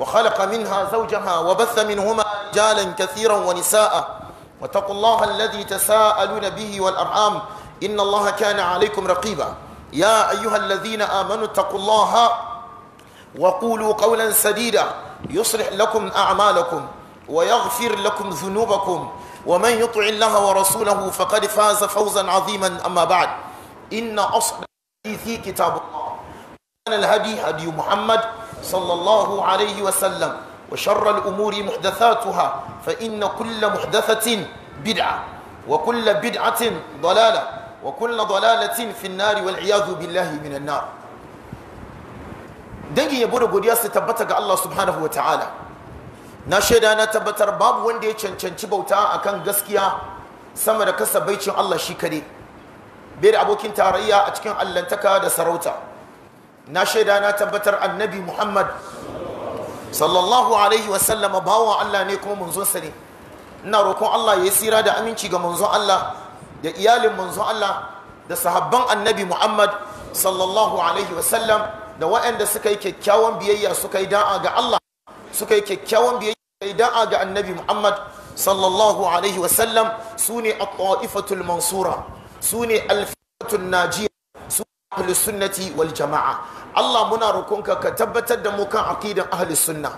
وخلق منها زوجها وبث منهما رجالا كثيرا ونساء واتقوا الله الذي تساءلون به والأرحام إن الله كان عليكم رقيبا يا أيها الذين آمنوا اتقوا الله وقولوا قولا سديدا يصلح لكم أعمالكم ويغفر لكم ذنوبكم ومن يطع الله ورسوله فقد فاز فوزا عظيما أما بعد إن أصل الحديث كتاب الله كان الهدي هدي محمد صلى الله عليه وسلم وشر الأمور محدثاتها فإن كل محدثة بدعة وكل بدعة ضلالة وكل ضلالة في النار والعياذ بالله من النار dangi ya da godiya su tabbata ga Allah subhanahu wa ta'ala na shaida na tabbatar babu wanda ya cancanci bauta akan gaskiya sama da kasa baicin Allah shi kare bai da abokin tarayya a cikin allantaka da sarauta na shaida na tabbatar annabi muhammad sallallahu alaihi wasallama bawan allah ne kuma munzunsa ne ina roƙon allah ya yi tsira da aminci ga manzon allah da iyalin manzon allah da sahabban annabi muhammad sallallahu alaihi wasallam da waɗanda suka yi kyakkyawan biyayya suka yi da'a ga allah suka yi kyakkyawan biyayya suka da'a ga annabi muhammad sallallahu alaihi wasallam su ne a ƙwa'ifatul mansura su ne alfiyatul najiya ahli sunnati wal jama'a Allah muna rukunka ka tabbatar da mu kan aqidan ahli sunna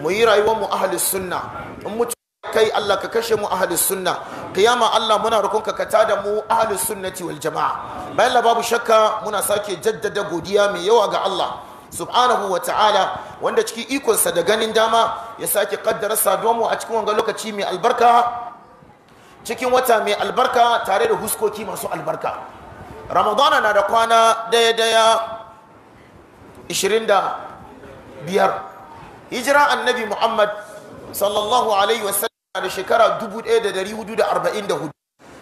mu yi rayuwar mu ahli sunna in mutu kai Allah ka kashe mu ahli sunna kiyama Allah muna rukunka ka tada mu ahli sunnati wal jama'a bayan la babu shakka muna sake jaddada godiya mai yawa ga Allah subhanahu wa ta'ala wanda cikin ikonsa da ganin dama ya sake kaddara saduwar mu a cikin wanga lokaci mai albarka cikin wata mai albarka tare da huskoki masu albarka ramadana na da kwana daya-daya 25 hijira annabi muhammad sallallahu alaihi wasallam da shekara 1444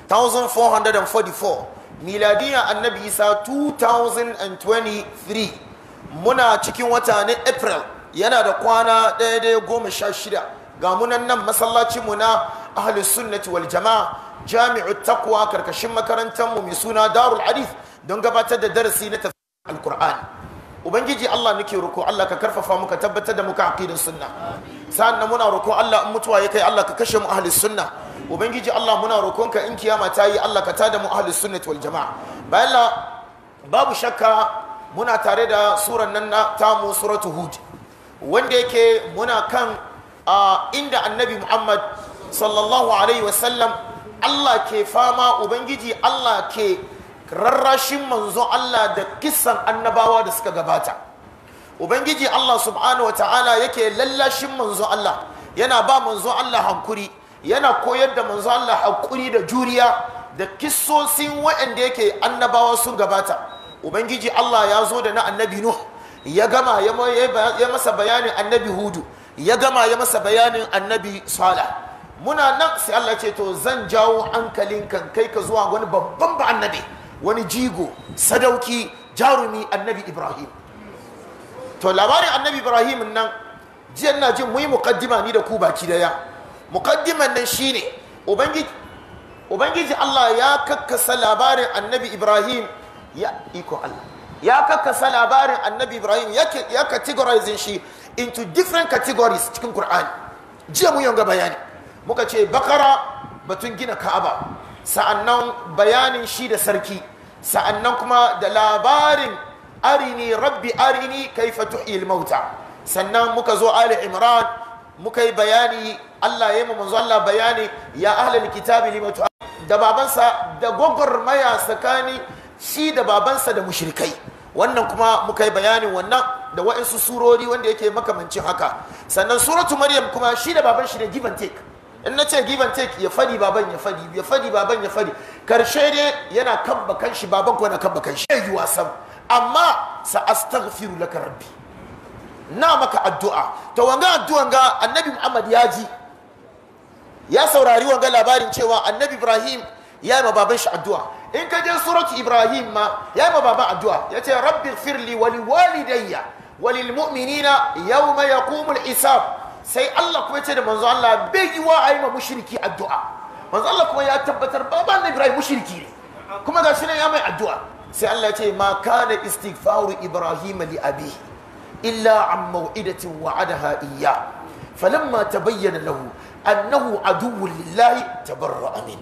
1444 miladiyar annabi isa 2023 muna cikin wata na april yana da kwana daya-daya 16 ga munan nan masallacinmu na ahalus sunnati wal jama'a jami'u takwa karkashin makarantar mu mai suna darul hadith don gabatar da darasi na tafsirin alkur'ani ubangiji Allah nake roko Allah ka karfafa muka tabbatar da ka aqidin sunna sannan muna roko Allah in mutuwa ya kai Allah ka kashe mu ahli sunna ubangiji Allah muna rokonka in kiyama ta yi Allah ka tada mu ahli sunnati wal jama'a bayan babu shakka muna tare da suran nan ta tamu suratu hud wanda yake muna kan inda annabi muhammad sallallahu alaihi wasallam Allah ke fama ubangiji Allah ke rarrashin manzo Allah da kisan annabawa da suka gabata ubangiji Allah subhanahu wa ta'ala yake lallashin manzo Allah yana ba manzo Allah hankuri yana koyar da manzo Allah hankuri da juriya da kissosin waɗanda yake annabawa sun gabata ubangiji Allah ya zo da na annabi Nuh ya gama ya masa bayanin annabi Hudu ya gama ya masa bayanin annabi Sala. muna nan sai Allah ce to zan jawo hankalin kan kai ka zuwa wani babban ba annabi wani jigo sadauki jarumi annabi Ibrahim to labarin annabi Ibrahim nan jiya na jin mu yi muqaddima ni da ku baki daya muqaddiman nan shine ubangiji ubangiji Allah ya kakkasa labarin annabi Ibrahim ya iko Allah ya kakkasa labarin annabi Ibrahim ya ya categorizing shi into different categories cikin Qur'ani jiya mu yanga bayani muka ce bakara batun gina ka'aba sa'annan bayanin shi da sarki sa'annan kuma da labarin arini rabbi arini kai tuhil ilmauta, sannan muka zo ali imran muka yi bayani Allah ya yi manzo Allah bayani ya ahlal kitabi limatu da babansa da gwagwarmaya tsakani shi da babansa da mushrikai wannan kuma muka yi bayanin wannan da wa'insu surori wanda yake makamancin haka sannan suratu maryam kuma shi da baban shi da give and take in na ce giban take ya fadi baban ya fadi ya fadi baban ya fadi karshe ne yana kan bakan shi baban ko yana kan bakan shi yi wasan amma sa astaghfiru laka rabbi na maka addu'a to wanga addu'an ga annabi Muhammad ya ji ya saurari wanga labarin cewa annabi Ibrahim ya yi ma baban shi addu'a in ka je suratu Ibrahim ma ya yi ma baban addu'a ya ce rabbi firli wali walidayya walil mu'minina yawma yaqumul hisab sai Allah kuma ce da manzo Allah bai yi wa a yi ma mushriki addu'a manzo Allah kuma ya tabbatar baba na Ibrahim mushriki ne kuma shi ne ya mai addu'a sai Allah ya ce ma kana istighfaru Ibrahim li abi illa an maw'idatin wa'adaha iyya falamma tabayyana lahu annahu aduwwun lillahi tabarra'a min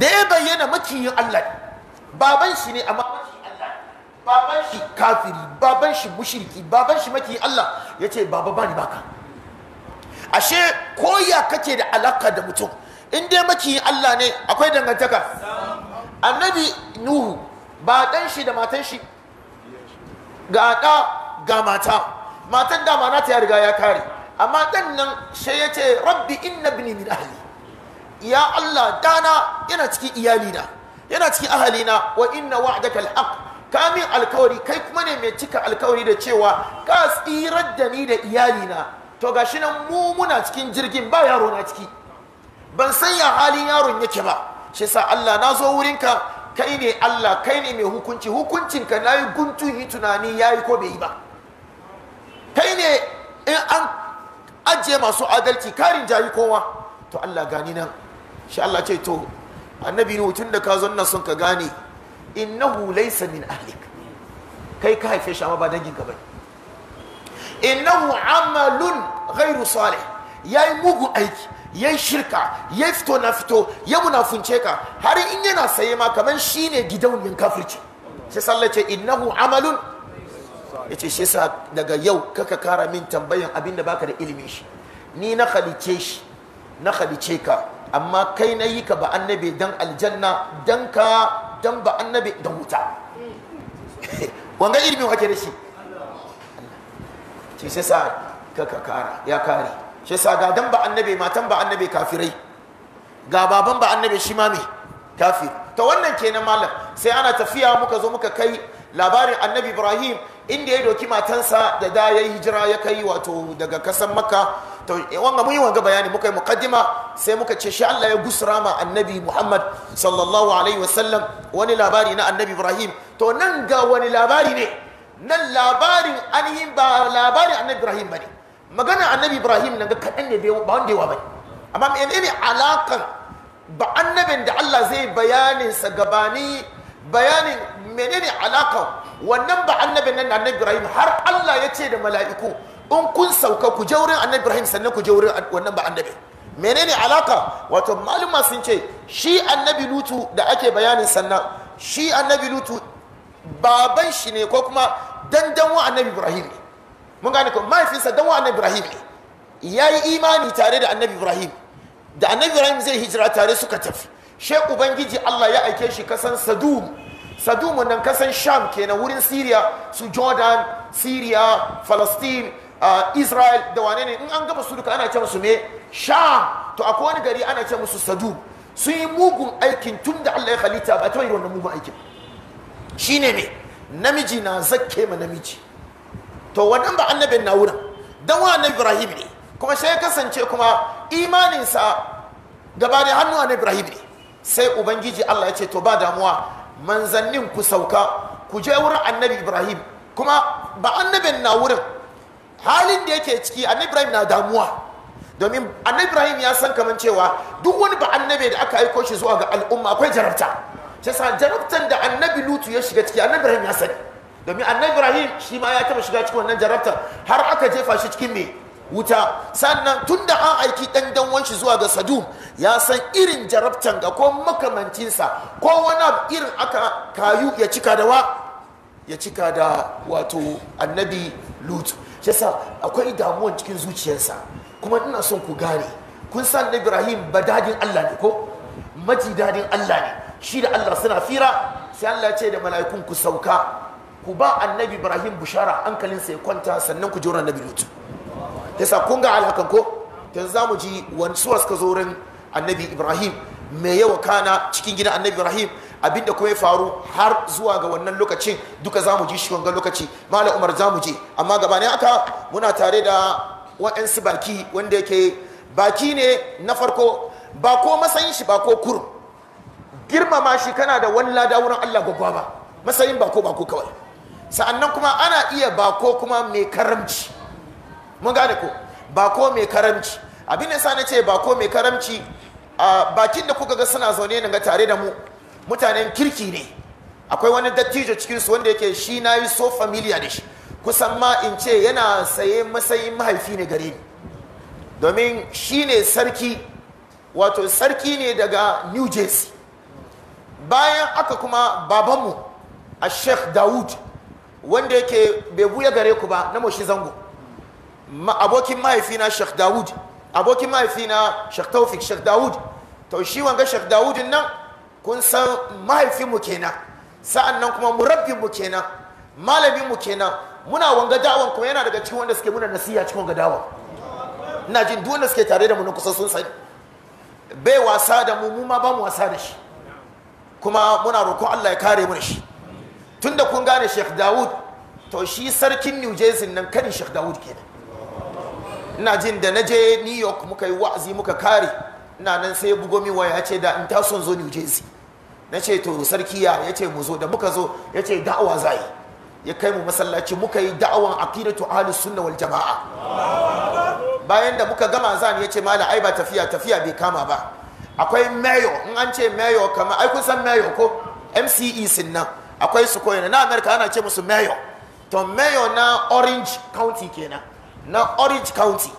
da ya bayyana makiyin Allah baban shi ne amma baban shi kafiri baban shi mushriki baban shi maki Allah ya ce baba bani baka ashe koya kake da alaka da mutum in dai maki Allah ne akwai dangantaka annabi nuhu ba dan shi da matan shi ga da ga mata matan da ma ta ya riga ya kare amma dan nan sai ce rabbi inna ibni min ahli ya Allah dana yana cikin iyalina yana cikin ahalina wa inna wa'daka al ka alkawari kai kuma ne mai cika alkawari da cewa ka tsirar da ni da iyalina to ga shi nan mu muna cikin jirgin ba yaro na ciki ban san ya halin yaron yake ba shi sa Allah na zo wurinka kai ne Allah kai ne mai hukunci hukuncinka na yi guntun yi tunani ya yi ko bai yi ba kai ne in an ajiye masu adalci karin jayi kowa to Allah gani nan shi Allah ce to annabi ne tun da ka zo nan sun ka gane innahu laysa min ahlik kai ka haife shi amma ba dangin ka bane innahu amalun ghairu salih yayi mugu aiki yayi shirka yayi fito na fito ya munafunce ka har in yana saye ma kaman shine gidauniyan kafirci sai sallace innahu amalun yace shi yasa daga yau kaka kara min tambayan abinda baka da ilimi shi ni na khalice shi na khalice ka amma kai na yi ka ba annabi dan aljanna dan ka dan ba annabi da wuta wanga ilimin wake da shi shi sai sa ka ka kara ya kare shi sa ga dan ba annabi matan ba annabi kafirai ga baban ba annabi shi ma me kafir to wannan kenan malam sai ana tafiya muka zo muka kai labarin annabi ibrahim inda ya doki matansa da da ya yi hijira ya kai wato daga kasan maka. to wanga mun yi wanga bayani muka yi mukaddima sai muka ce shi Allah ya gusura ma annabi Muhammad sallallahu alaihi wasallam wani labari na annabi Ibrahim to nan ga wani labari ne nan labarin anihin ba labarin annabi Ibrahim bane magana annabi Ibrahim nan ga kadan ne ba wanda yawa bane amma menene alakan ba annabin da Allah zai bayanin sa gabani bayanin menene alaka wannan ba annabin nan annabi Ibrahim har Allah ya ce da mala'iku in kun sauka ku je wurin annabi Ibrahim sannan ku je wurin wannan ba annabi menene alaka wato maluma sun ce shi annabi Lutu da ake bayanin sannan shi annabi Lutu baban shi ne ko kuma dandanwa annabi Ibrahim ne mun gane ko mahaifinsa wa annabi Ibrahim ne yayi imani tare da annabi Ibrahim da annabi Ibrahim zai hijira tare suka tafi she ubangiji Allah ya aike shi kasan Sadum sadumun nan kasan sham kenan wurin syria su jordan syria palestine uh, israel da wane ne in an gama su duka ana ce musu me sham to akwai wani gari ana ce musu sadum sun yi mugun aikin tun da allah ya halitta ba ta yi wannan mugun aikin shine me namiji na zakke ma namiji to wannan ba annabin na wurin dan wa annabi ibrahim ne kuma sai ya kasance kuma imaninsa gaba da hannu annabi ibrahim ne sai ubangiji allah ya ce to ba damuwa manzannin ku sauka ku je wurin annabi ibrahim kuma ba annabin na wurin halin da yake ciki annabi ibrahim na damuwa domin annabi ibrahim ya san kaman cewa duk wani ba annabi da aka aiko shi zuwa ga al'umma akwai jarabta shi sa jarabtan da annabi lutu ya shiga ciki annabi ibrahim ya sani domin annabi ibrahim shi ma ya taba shiga cikin wannan jarabtan har aka jefa shi cikin me wuta sannan tun da an aiki ɗan danwan shi zuwa ga ya san irin jarabtan ga ko makamancinsa ko wani irin aka kayu ya cika da wa ya cika da wato annabi lut yasa akwai damuwan cikin zuciyarsa kuma ina son ku gane kun san na ibrahim ba dadin allah ne ko maji dadin allah ne shi da allah suna fira sai allah ce da mala'ikun ku sauka ku ba annabi ibrahim bushara hankalinsa ya kwanta sannan ku jira annabi lut yasa kun ga alhakan ko yanzu za mu ji wani suwa suka zo annabi ibrahim mai yawa kana cikin gidan annabi ibrahim abinda kuma ya faru har zuwa ga wannan lokacin duka za mu ji shi wangan lokaci malam umar za mu je amma gaba ne aka muna tare da wa'ansu baki wanda yake baki ne na farko ba ko matsayin shi ba ko kurum girmama shi kana da wani lada wurin allah gwagwa ba matsayin ba ko ba ko kawai sa'annan kuma ana iya ba ko kuma mai karamci mun gane ko bako mai karamci abin da sani ce ce bako mai karamci a bakin da kuka ga suna zaune ne ga tare da mu mutanen kirki ne akwai wani dattijo cikin su wanda yake shi na yi so familiar da shi kusan ma in ce yana saye matsayin mahaifi ne gare ni domin shi ne sarki wato sarki ne daga new jersey bayan aka kuma babanmu a sheikh dawood wanda yake bai buya gare ku ba na moshi zango abokin mahaifina shekh Dawud abokin mahaifina shekh taufik shekh Dawud to shi wanga shekh Dawud nan kun san mahaifinmu kenan sa'annan kuma murabbin mu kenan malaminmu mu kenan muna wanga dawon kuma yana daga cikin wanda suke muna nasiha cikin wanga dawon ina jin duk wanda suke tare da mu na kusa sun sani bai wasa da mu mu ma ba mu wasa da shi kuma muna roƙon Allah ya kare mu da shi tunda kun gane Sheikh Dawud to shi sarkin New Jersey nan kan Sheikh Dawud kenan ina jin da na je new york muka yi wa'azi muka kare ina nan sai bugo min waya ce da in taso zo new jersey na ce to sarki ya ya ce mu zo da muka zo ya ce da'awa za yi ya kai mu masallaci muka yi da'awan aqidatu ahlus sunna wal jama'a bayan da muka gama zan ya ce mala ai ba tafiya tafiya bai kama ba akwai mayo in an ce mayo kamar ai kun san mayo ko MCE nan akwai su koyi na America ana ce musu mayo to mayo na Orange County kenan na orange county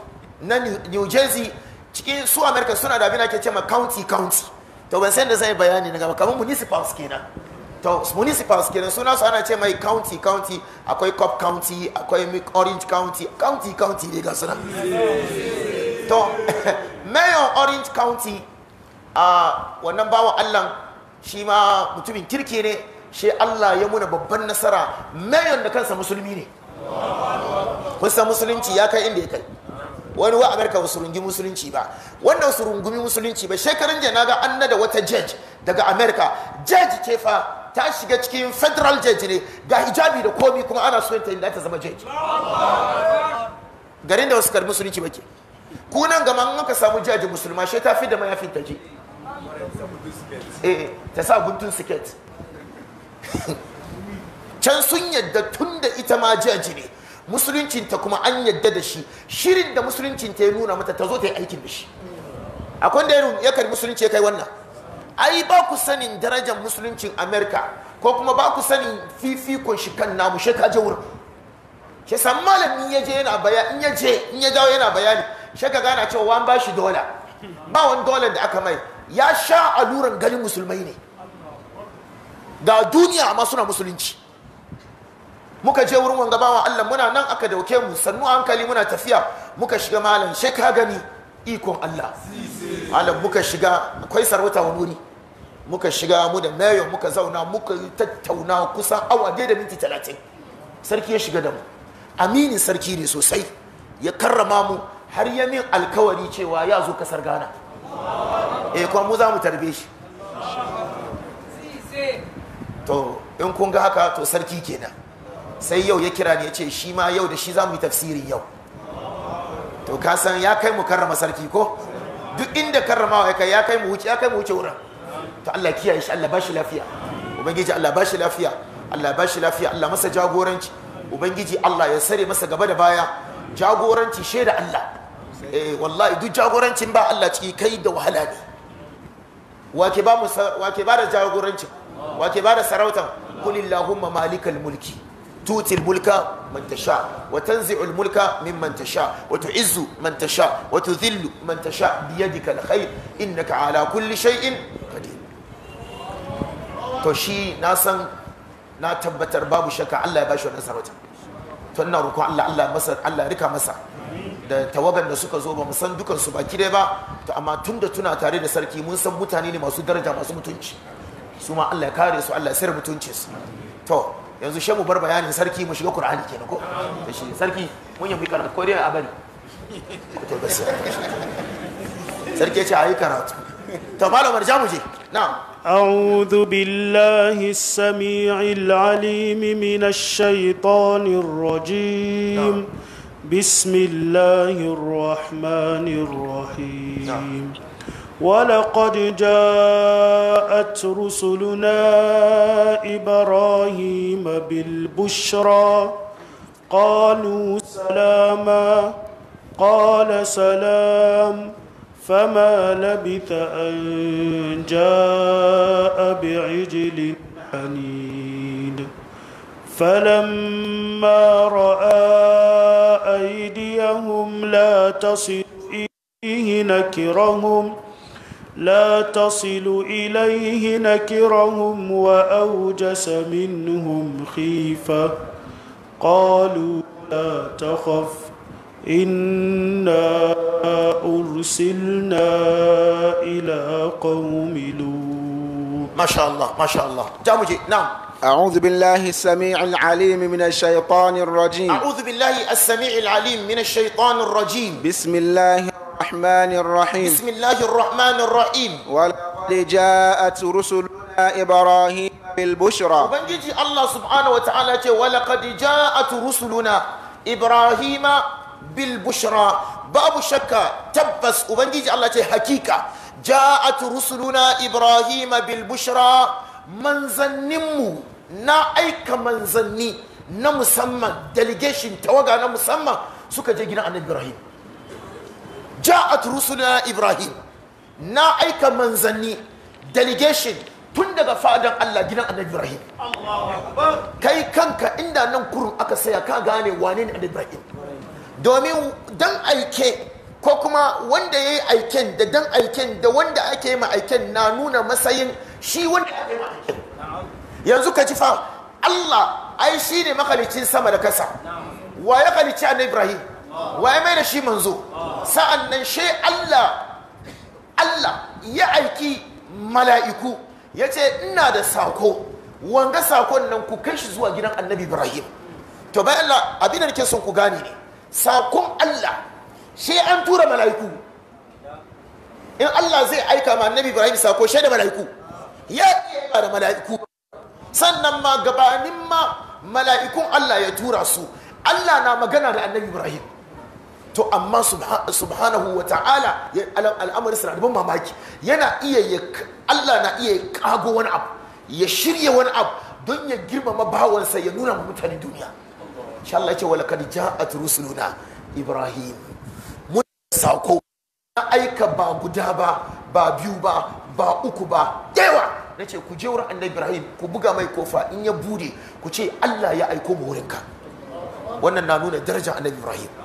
na new jersey cikin su america suna da abin ake cewa county county to ban san da zai bayani na gaba kamar municipals kenan to municipals kenan suna su ana ce mai county county akwai cop county akwai orange county county county ne ga suna to mayor orange county a wannan bawan allah shi ma mutumin kirki ne shi allah ya muna babban nasara mayon da kansa musulmi ne kun san musulunci ya kai inda ya kai wani wa agarka ba surungi musulunci ba wannan surungumi musulunci ba shekaran jiya ga an nada wata judge daga america judge ce fa ta shiga cikin federal judge ne ga hijabi da komi kuma ana so ta inda ta zama judge garin da wasu karbi musulunci ba ke kunan an maka samu judge musulma shi ta fi da mayafin ta je eh, ta sa guntun siket can sun yadda tun da ita ma jaji ne musuluncinta kuma an yadda da shi shirin da ta ya nuna mata ta zo ta yi aikin da shi akwai da ya kari musulunci ya kai wannan ai ba ku sanin darajar musuluncin amerika ko kuma ba ku sanin fifikon shi kan namu shi ka je wurin shi san malami ya je yana bayani in ya dawo yana bayani shi ka gana cewa wan ba shi dola ba wani dola da aka mai ya sha aluran ganin musulmai ne ga duniya amma suna musulunci muka je wurin wanga bawan Allah muna nan aka dauke mu sannu hankali muna tafiya muka shiga malam sai ka gani ikon Allah malam muka shiga akwai sarauta wuri muka shiga mu da mayo muka zauna muka tattauna kusan awa dai da minti talatin sarki ya shiga da mu aminin sarki ne sosai ya karrama mu har ya min alkawari cewa ya zo kasar ghana eh kuma mu za mu tarbe shi to in kun ga haka to sarki kenan sai yau ya kira ne ya ce shi ma yau da shi za mu yi tafsirin yau to ka san ya kai mu karrama sarki ko duk inda karramawa ya kai ya kai mu wuce ya kai mu wuce wurin to Allah kiyaye shi Allah bashi lafiya ubangiji Allah bashi lafiya Allah bashi lafiya Allah masa jagoranci ubangiji Allah ya sare masa gaba da baya jagoranci shaida Allah eh wallahi duk jagorancin ba Allah ciki kai da wahala ne wake ba mu wake ba da jagorancin wake ba da sarautan kulillahumma malikal mulki tutil mulka man tasha wa tanzi'ul mulka mimman tasha wa tu'izzu man tasha wa tudhillu man tasha bi yadika alkhair innaka ala kulli shay'in qadir to shi na san na tabbatar babu shakka Allah ya bashi wannan sarauta to ina roƙon Allah Allah masa Allah rika masa da tawagan da suka zo ba mu san dukan su baki dai ba to amma tunda tuna tare da sarki mun san mutane ne masu daraja masu mutunci su ma Allah ya kare su Allah ya sirri mutuncin su to yanzu shan mu bar bayanin sarki mu shiga qur'ani kenan ko shi sarki mun yi karatu ko dai a bari to gaskiya sarki ya ce ayi karatu to malamar ja mu je na'am أعوذ بالله السميع العليم من الشيطان الرجيم بسم الله الرحمن الرحيم ولقد جاءت رسلنا إبراهيم بالبشرى قالوا سلاما قال سلام فما لبث أن جاء بعجل حنين فلما رأى أيديهم لا تصل إليه نكرهم ۖ لا تصل إليه نكرهم وأوجس منهم خيفة قالوا لا تخف إنا أرسلنا إلى قوم لوط ما شاء الله ما شاء الله جاوجي نعم أعوذ بالله السميع العليم من الشيطان الرجيم أعوذ بالله السميع العليم من الشيطان الرجيم بسم الله الرحمن الرحيم بسم الله الرحمن الرحيم ولقد جاءت رسلنا إبراهيم بالبشرى وبنجي الله سبحانه وتعالى ولقد جاءت رسلنا إبراهيم بالبشرى باب شكا تبس وبنجي الله حقيقة جاءت رسلنا إبراهيم بالبشرى manzanninmu na aika manzanni na musamman delegation tawaga na musamman suka je gidan annabi Ibrahim ja'at rusuluna ibrahim na aika manzanni delegation tun daga fadan Allah gidan annabi ibrahim kai kanka inda nan kurun aka saya ka gane wane ne annabi ibrahim domin dan aike ko kuma wanda ya yi aiken da dan aiken da wanda ake yi aiken na nuna matsayin shi wanda ake yi yanzu ka ci fa Allah ai shi ne makalicin sama da kasa wa ya kalici annabi ibrahim waye mai da shi manzo sa'an nan shi Allah Allah ya aiki mala'iku ya ce ina da sako wanga sakon nan ku kai shi zuwa gidan annabi ibrahim to bai Allah abinan da sun ku gane ne sakon Allah shi an tura mala'iku in Allah zai aika ma annabi ibrahim sako she da mala'iku ya iya da mala'iku sannan ma gabanin ma mala'ikun Allah ya tura su Allah na magana da annabi ibrahim to amma subhanahu wa ta'ala al'amarin suna da mamaki yana iya Allah na iya kago wani abu ya shirya wani abu don ya girmama bawansa ya nuna ma mutane duniya insha Allah ce wala ja'at rusuluna ibrahim mun sako na aika ba guda ba ba biyu ba ba uku ba yawa nace ku je wurin annabi ibrahim ku buga mai kofa in ya bude ku ce Allah ya aiko mu wurinka wannan na nuna darajar annabi ibrahim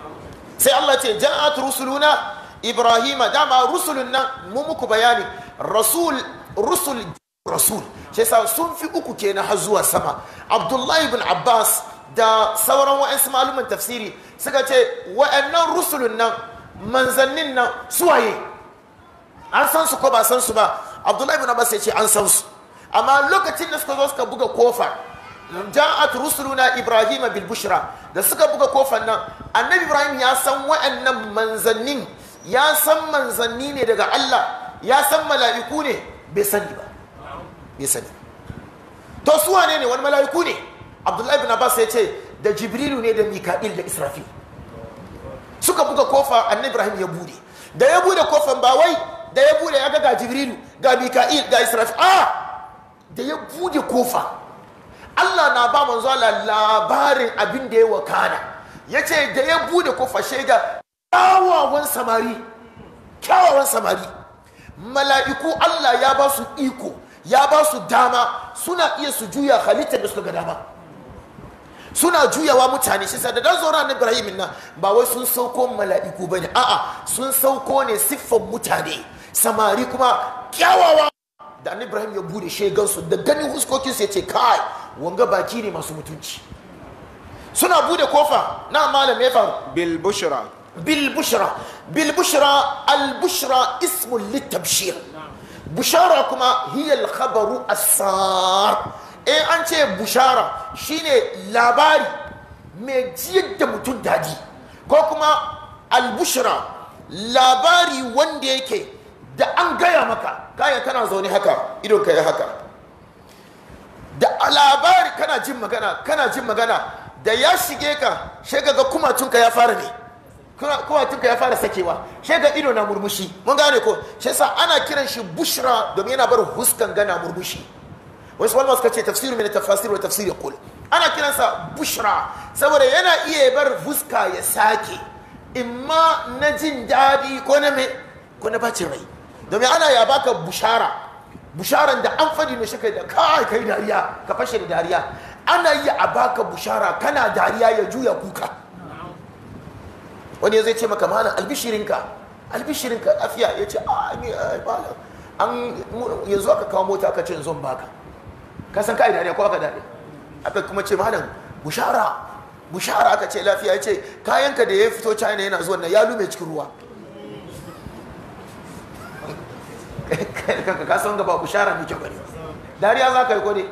sai Allah ce ja'at rusuluna ibrahima dama rusulun nan mu muku bayani rasul rusul rasul shi yasa sun fi uku kenan har zuwa sama abdullahi ibn abbas da sauran wa'ansu malumin tafsiri suka ce wa'annan rusulun nan manzannin nan suwaye an san su ko ba san su ba abdullahi ibn abbas ya ce an san su amma lokacin da suka zo suka buga kofa ja'at rusuluna ibrahim bil bushra da suka buga kofar nan annabi ibrahim ya san wa'annan manzannin ya san manzanni ne daga Allah ya san mala'iku ne bai sani ba bai sani to su wane ne wani mala'iku ne abdullahi ibn abbas ya ce da jibrilu ne da mika'il da israfil suka buga kofa annabi ibrahim ya bude da ya bude kofan ba wai da ya bude ya ga ga jibrilu ga mika'il ga israfil a da ya bude kofa Allah na ba manzo Allah labarin abin da ya wakana yace da ya bude kofar shega kyawawan samari kyawawan samari mala'iku Allah ya ba su iko ya ba su dama suna iya su juya halittar da su ga dama suna juyawa mutane shi sa da dan zo ranar Ibrahim na, ba wai sun sauko mala'iku bane a'a sun sauko ne siffan mutane samari kuma kyawawa da an ibrahim ya bude shegansu da ganin huskokinsu ya ce kai wanga baki ne masu mutunci suna bude kofa na malam ya faru bil bushra bil bushra bil bushra al bushra ismun litabshir bushara kuma hiya al khabaru asar eh an ce bushara shine labari mai jiyar da mutum daji ko kuma al bushra labari wanda yake da an gaya maka gaya tana zaune haka idon ka ya haka da labari kana jin magana kana jin magana da ya shige ka shiga ga kumatunka ya fara ne kumatunka ya fara sakewa shiga ido na murmushi mun gane ko shi sa ana kiran shi bushra domin yana bar huskan gana murmushi wasu wani suka ce tafsiru mai tafsir wa tafsir ya kula ana kiransa bushra saboda yana iya bar fuska ya sake imma na jin daɗi ko na mai ko na bacin rai domin ana ya baka bushara busharan da an fadi ne shi kai da kai kai dariya ka fashe da dariya ana yi a baka bushara kana dariya ya juya kuka wani zai ce maka mana albishirinka albishirinka afiya ya ce a eh, an yanzu aka kawo mota aka ce zon baka ka san kai dariya ko aka dariya aka kuma ce mana bushara bushara aka ce lafiya ya ce kayanka da ya fito china yana zuwa na ya lume cikin ruwa ka san gaba bushara ne kyau gani dariya za ka yi ko ne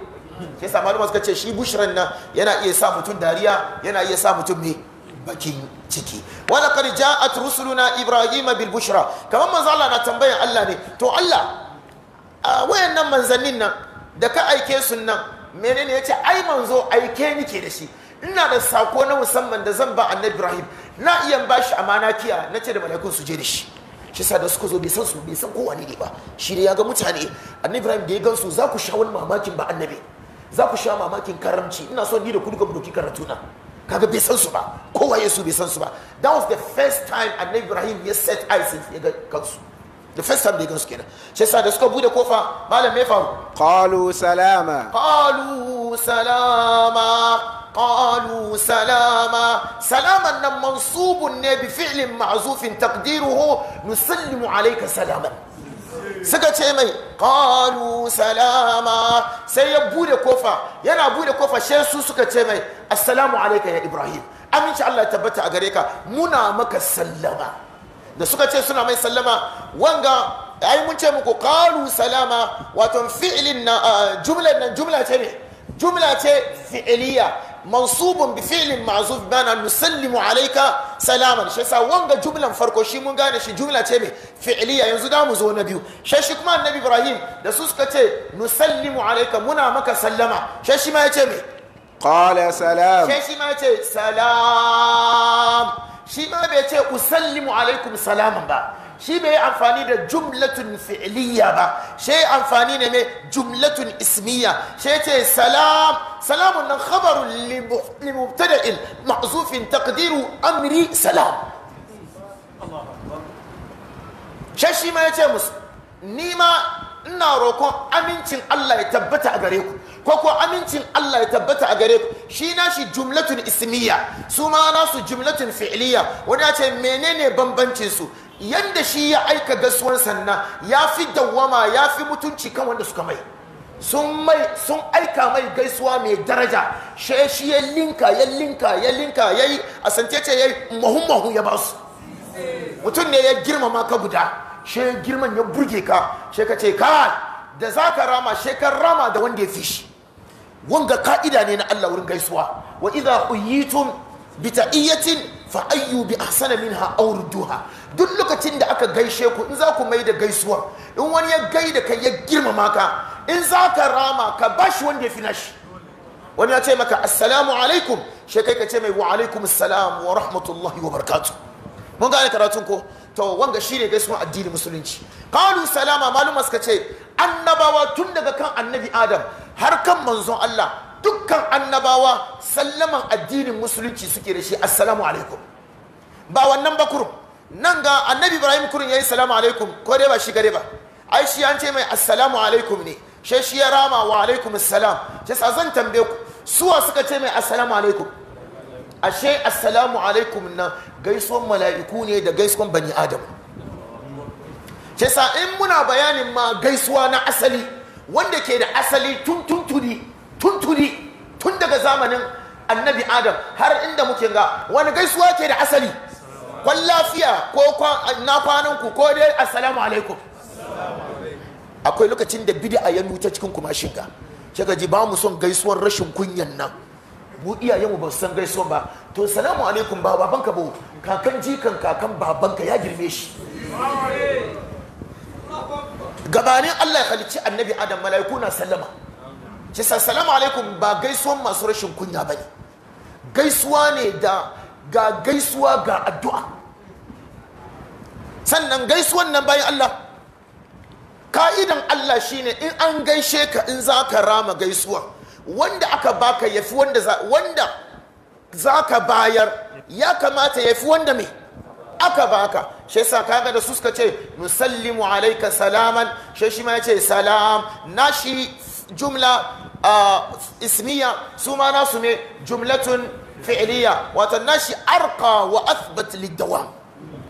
Ke sa malama suka ce shi bushran na yana iya sa mutum dariya yana iya sa mutum ne bakin ciki wala qad ja'at rusuluna ibrahima bil bushra kamar manzo Allah na tambayin Allah ne to Allah wayannan manzannin nan da ka aike su nan menene ce ai manzo aike nike da shi ina da sako na musamman da zan ba annabi ibrahim na iya ba bashi amana kiya na ce da mala'ikun su je da shi shi sa da suka zo bai san su bai san kowane ne ba shi ne ya ga mutane annabi ibrahim da ya gansu za ku sha wani mamakin ba annabi za ku sha mamakin karamci ina son ni da ku duka mu doki na kaga bai san su ba kowa yesu bai san su ba that was the first time annabi ibrahim ya set eyes ya ga kansu the first time da gansu kenan shi yasa da suka bude kofa malam me faru qalu salama qalu salama qalu salama salaman nan mansubun ne bi fi'lin ma'zufin taqdiruhu nusallimu alayka salama suka ce mai qalu salama sai ya bude kofa yana bude kofa shi su suka ce mai assalamu alayka ya ibrahim aminci Allah ya tabbata a gare ka muna maka sallama da suka ce suna mai sallama wanga ai mun ce muku qalu salama wato fi'lin na jumlan nan jumla ce ne jumla ce fi'liya mansubun bi fi'lin ma'zuf bana nusallimu alayka salaman shi sa wanga jumlan farko shi mun gane shi jumla ce mai fi'liya yanzu da mu zo na biyu shi shi kuma annabi ibrahim da su suka ce nusallimu alayka muna maka sallama shi shi ma yace me qala salam shi shi ma yace salam shi ma bai ce usallimu alaikum salaman ba shi bai amfani da jumlatun fi'liya ba shi amfani ne mai jumlatun ismiya shi ce salam salamun nan khabarun limubtada'in ma'zufin takdiru amri salam akbar shi ma ya ce musu ni ma ina roƙon amincin Allah ya tabbata a gare ku ko ko amincin Allah ya tabbata a gare ku shi na shi jumlatun ismiya su ma na su jumlatun fi'liya wani ya ce menene bambancin su yanda shi ya aika gasuwar sanna ya fi dawwama ya fi mutunci kan wanda suka mai sun mai sun aika mai gaisuwa mai daraja shi shi ya linka ya linka ya linka yayi asante ce yayi mahu ya ba su mutum ne ya girmama ka guda she girman ya burge ka she ka ce ka da za ka rama she ka rama da wanda ya fi shi wanga ka'ida ne na Allah wurin gaisuwa wa idza huyitum bi ta'iyatin fa ayyu bi ahsana minha aw rudduha duk lokacin da aka gaishe ku in za ku mai da gaisuwa in wani ya gaida ka ya girmama ka in za ka rama ka bashi wanda ya fi nashi wani ya ce maka assalamu alaikum shekai ka ce mai wa alaikum assalam wa rahmatullahi wa barakatuh mun gane karatun ko to wanga shine gaisuwan addinin musulunci qalu salama maluma suka ce annabawa tun daga kan annabi adam har kan manzon Allah dukkan annabawa sallaman addinin musulunci suke da shi assalamu alaikum ba wannan ba kurum nan ga annabi ibrahim kurin yayi salamu alaikum ko dai ba shi gare ba ai shi an ce mai assalamu alaikum ne shi shi ya rama wa alaikum assalam sai zan tambaye ku suwa suka ce mai assalamu alaikum ashe assalamu alaikum na gaisuwan mala'iku ne da gaisuwan bani adam ce sa in muna bayanin ma gaisuwa na asali wanda ke da asali tun tuntuni tun daga zamanin annabi adam har inda muke ga wani gaisuwa ke da asali kwan lafiya ko na kwananku ko dai assalamu alaikum akwai lokacin da a ya ta cikin kuma shiga shiga ji ba mu son gaisuwar rashin kunyan nan mu iyayen mu ba san gaisuwan ba to salamu alaikum ba babanka ba kakan jikan kakan babanka ya girme shi gabanin Allah ya halicci annabi adam mala'iku na sallama shi salamu alaikum ba gaisuwan masu rashin kunya bane gaisuwa ne da ga gaisuwa ga addu'a sannan gaisuwan nan bayan Allah ka'idan Allah shine in an gaishe ka in za ka rama gaisuwa wanda aka baka yafi wanda za wanda zaka bayar ya kamata yafi wanda me aka baka shi yasa kaga da su suka ce nusallimu alayka salaman shi shi ma yace salam nashi jumla ismiya su ma nasu me jumlatun fi'liya wato nashi arqa wa athbat lidawam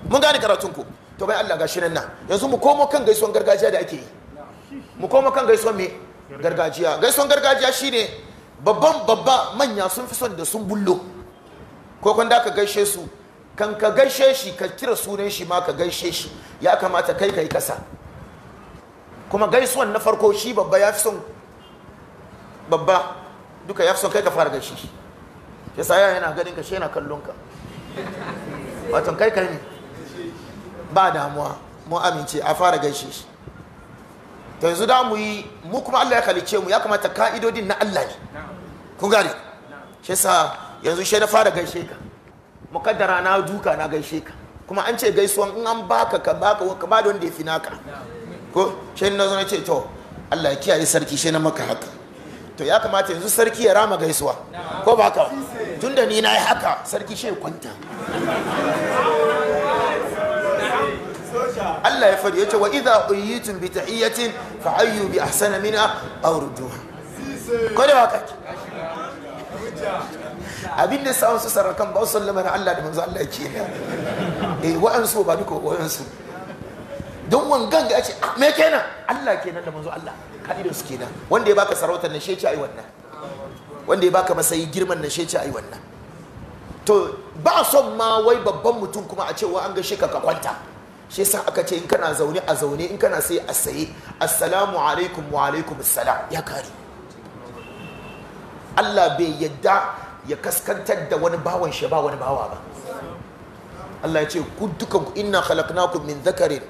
mun gane karatun ku to bai Allah gashi nan yanzu mu komo kan gaisuwan gargajiya da ake yi mu komo kan gaisuwan me gargajiya gaison gargajiya shine babban babba manya sun fi son da sun bullo ko kun da ka gaishe su kan ka gaishe shi ka kira sunan shi ma ka gaishe shi ya kamata kai kai kasa kuma gaisuwan na farko shi babba ya fi son babba duka ya fi son kai ka fara gaishe shi ya saya yana ganin ka shi yana kallon ka wato kai kai ne ba damuwa mun amince a fara gaishe shi to yanzu da mu yi mu kuma Allah ya kalice mu ya kamata ka'idodin na Allah ne kun gane shi sa yanzu shi na fara gaishe ka mukaddara na duka na gaishe ka kuma an ce gaisuwan in an baka ka baka ka ba da wanda ya fi naka ko shi na zana na ce to Allah ya kiyaye sarki shi na maka haka to ya kamata yanzu sarki ya rama gaisuwa ko ba tunda ni na yi haka sarki shi ya kwanta Allah ya ya ce wa idza uyitum bi tahiyatin fa ayyu bi ahsana minha aw rudduha ko da haka abin da sa wasu sarakan ba su sallama Allah da manzo Allah ke ne eh wa'ansu ba duka wa'ansu don wangan ga ce ah, me kenan Allah kenan da manzo Allah ka'idar su kenan wanda ya baka sarautar na sheci ai wannan wanda ya baka masayi girman na sheci ai wannan to ba son ma wai babban mutum kuma a ce an ga shi ka kwanta shi yasa aka ce in kana zaune a zaune in kana sai a saye assalamu alaikum wa alaikum assalam ya kare Allah bai yadda ya kaskantar da wani bawan shi ba wani bawa ba Allah ya ce ku dukan ku inna khalaqnakum min dhakarin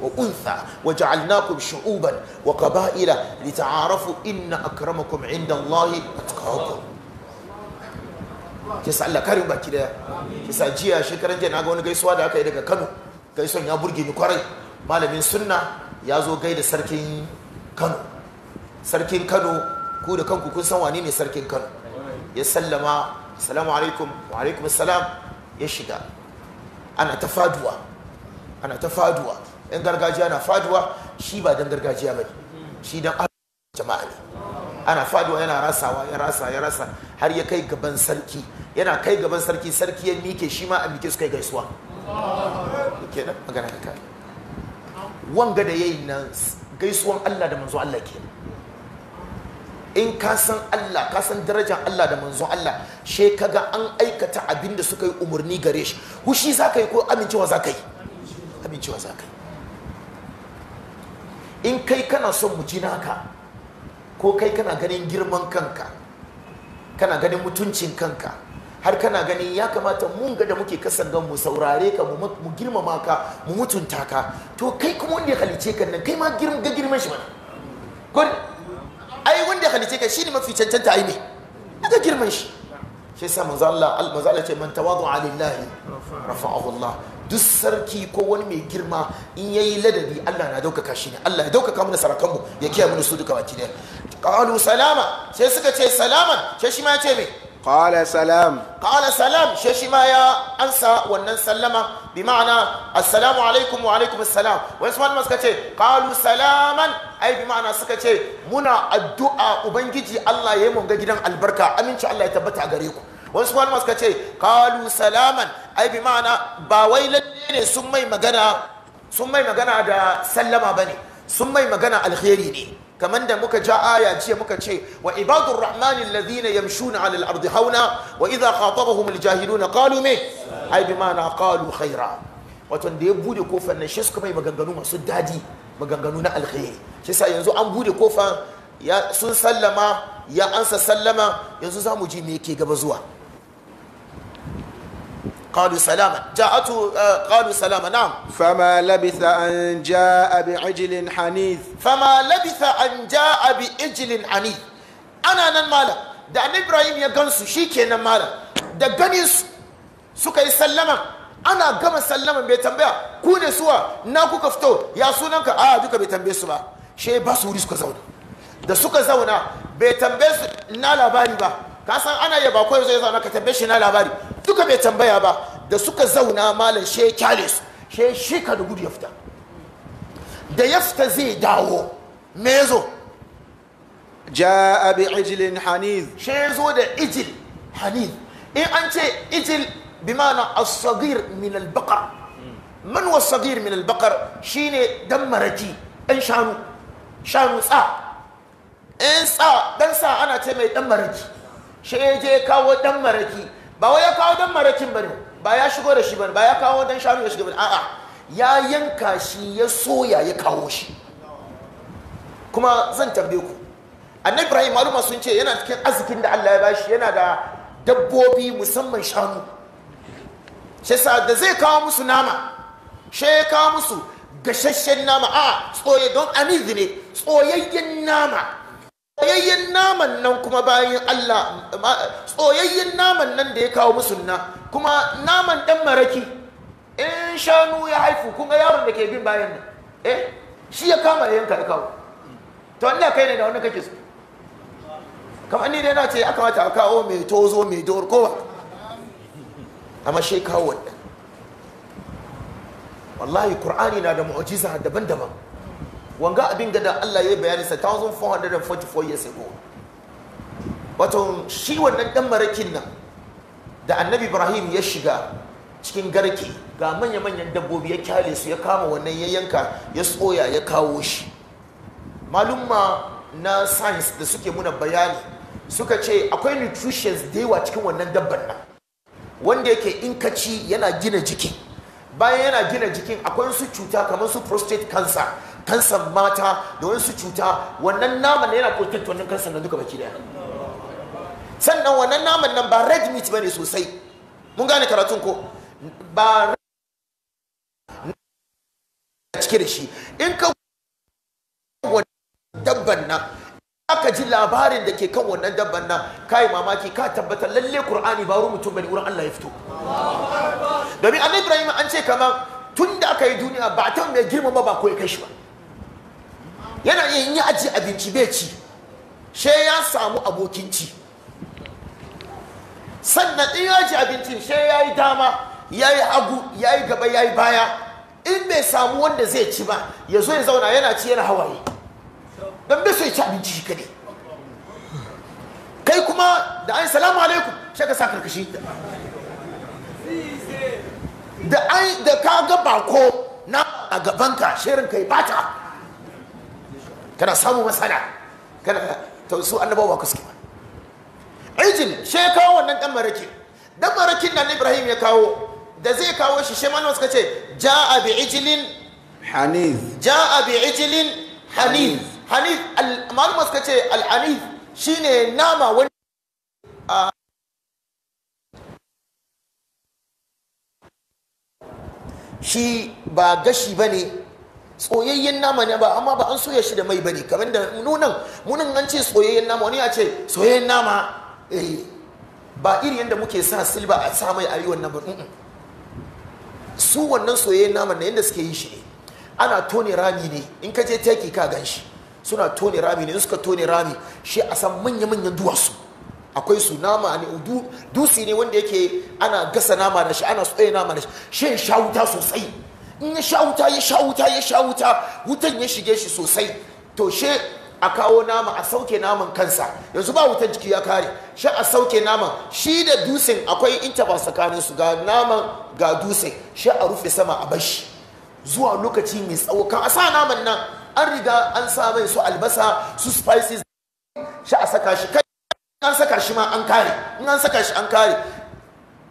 wa untha wa ja'alnakum shu'uban wa qaba'ila lita'arafu inna akramakum 'inda Allah atqakum kisa Allah karin baki daya kisa jiya shekaran jiya na ga wani gaisuwa da aka yi daga Kano gaison ya burge ni kwarai malamin sunna ya zo gaida sarkin kano sarkin kano ku da kanku kun san wani ne sarkin kano ya sallama salamu alaikum wa alaikum salam ya shiga ana ta faduwa ana ta faduwa yan gargajiya na faduwa shi ba dan gargajiya ba shi dan jama'a ne ana faduwa yana rasawa ya rasa ya rasa har ya kai gaban sarki yana kai gaban sarki sarki ya mike shi ma a mike su kai gaisuwa ke nan magana ka wanga da yayi nan gaisuwan Allah da manzo Allah ke in ka san Allah ka san darajar Allah da manzon Allah she kaga an aikata abinda suka yi umarni gare shi hushi za ka yi ko amincewa za ka yi amincewa za ka yi in kai kana son mu ji naka ko kai kana ganin girman kanka kana ganin mutuncin kanka har kana ganin ya kamata mun ga da muke kasangan mu saurare ka mu girmama ka mu mutunta ka to kai kuma wanda ya halice ka nan kai ma ga girman shi mana gwar ai wanda ya halice ka shine mafi cancanta ai me ga girman shi shi sa manzo Allah manzo Allah ce man tawadu alillahi rafa'ahu Allah duk sarki ko wani mai girma in yayi ladabi Allah na daukaka shi ne Allah ya daukaka mana sarakan mu ya kiyaye mu su duka baki daya qalu salama sai suka ce salaman sai shi ma ya ce me qala salam qala salam she shi ma ya ansa wannan sallama bi ma'ana assalamu alaikum wa alaikum assalam wa isma suka ce qalu salaman ai bi ma'ana suka ce muna addu'a ubangiji Allah ya yi mun ga gidan albarka aminci Allah ya tabbata gare ku wasu malama suka ce kalu salaman ai bi ma'ana ba wai lalle ne sun mai magana sun mai magana da sallama bane sun mai magana alheri ne kamar da muka ja aya jiya muka ce wa ibadur rahmanin ladhina yamshuna ala al hauna wa idha khatabahum al-jahiluna qalu me ai bi ma'ana qalu khaira da ya bude kofar na shi suka mai maganganu masu dadi maganganu na alkhairi shi sa yanzu an bude kofar sun sallama ya ansa sallama yanzu za mu ji me yake gaba zuwa قالوا سلاما جاءته قالوا سلاما نعم فما لبث أن جاء بعجل حنيذ فما لبث أن جاء بعجل حنيذ أنا نن مالا da an ibrahim ya gansu shi kenan malam da ganin su suka yi sallama ana gama sallama bai tambaya ku ne suwa na kuka fito ya sunanka a duka bai tambaye su ba she ba su wuri suka zauna da suka zauna bai tambaye su na labari ba ka san ana yaba ko zai zauna ka tambaye shi na labari duka bai tambaya ba da suka zauna malam she kyale su she shi ka da gudu ya fita da ya fita zai dawo me yazo ja'a bi ijlin haniz she yazo da ijil haniz in an ce ijil bimana as-saghir min al-baqar man wa as-saghir min al-baqar shine dan maraki dan shanu shanu tsa in tsa dan sa ana ce mai dan maraki shi ya je kawo dan maraki ba wai ya kawo dan marakin bane ba ya shigo da shi bane ba ya kawo dan shanu ya shigo bane a'a ya yanka shi ya soya ya kawo shi kuma zan tabbe ku annabi ibrahim maluma sun ce yana cikin azikin da Allah ya bashi yana da dabbobi musamman shanu shi sa da zai kawo musu nama shi ya kawo musu gashashen nama a tsoye don amizi ne tsoyayyen nama tsoyayyen naman nan kuma bayan Allah tsoyayyen naman nan da ya kawo musu na kuma naman dan maraki in shanu ya haifu kun ga yaron da ke bin bayan nan eh shi ya kama da yanka ya kawo to Allah kai ne da wani kake so kamar ni dai na ce ya kamata a kawo mai tozo mai dor kowa amma shi kawo wannan wallahi qur'ani na da mu'jiza daban-daban wanga abin da Allah ya bayani sa 1444 years ago wato shi wannan dan marakin nan da annabi Ibrahim ya shiga cikin garke ga manya-manyan dabbobi ya kyale su ya kama wannan ya yanka ya tsoya ya kawo shi malumma na science da suke muna bayani suka ce akwai nutritions da yawa cikin wannan dabban nan wanda yake in ka ci yana gina jiki bayan yana gina jikin akwai su cuta kamar su prostate cancer Kansa mata da wasu cuta wannan naman yana protect wannan kansa na duka baki daya sannan wannan naman nan ba red meat bane sosai mun gane karatun ko ba cike da shi in ka dabban nan aka ji labarin da ke kan wannan dabban nan kai mamaki ka tabbatar lalle qur'ani ba ruwa mutum bane wurin Allah ya fito domin annabi ibrahim an ce kamar tun da aka yi duniya ba ta mai girmama ba ko ya kai shi ba yana iya yi aji abinci bai ci she ya samu abokin ci sannan in ya ji abincin she ya yi dama ya yi hagu ya yi gaba ya yi baya in bai samu wanda zai ci ba ya zo ya zauna yana ci yana hawaye don bai so ya ci abinci shi kadai kai kuma da an salamu alaikum shi ka sa karkashi da da ka ga bako na a gabanka shirin kai bata kana samun matsala ta su annabawa ba ku suke ba ijil she kawo wannan dan maraki dan marakin nan Ibrahim ya kawo da zai kawo shi shi malamu suka ce ja'a bi ijilin hanif ja'a bi ijilin hanif hanif malamu suka ce al'anif shi ne nama wani shi ba gashi ba ne. tsoyayyen nama ne ba amma ba an soya shi da mai bane kamar da nunan munan an ce tsoyayyen nama wani ya ce soyayyen nama eh ba iri yanda muke sa silba a samai a yi wannan ba su wannan soyayyen nama na yadda suke yi shi ne ana tone rami ne in ka je taki ka gan shi suna tone rami ne suka tone rami shi a san manya-manyan duwatsu akwai su nama ne dusi ne wanda yake ana gasa nama da shi ana tsoye nama da shi shi sha wuta sosai in ya sha wuta ya sha wuta ya sha wuta wutan ya shige shi sosai to she a kawo nama a sauke naman kansa yanzu ba wutan jiki ya kare shi a sauke naman shi da dusin akwai intaba tsakanin su ga naman ga dusin shi a rufe sama a bashi zuwa lokaci mai tsawo kan a sa naman nan an riga an sa mai su albasa su spices shi a saka shi kai an saka shi ma an kare in an saka shi an kare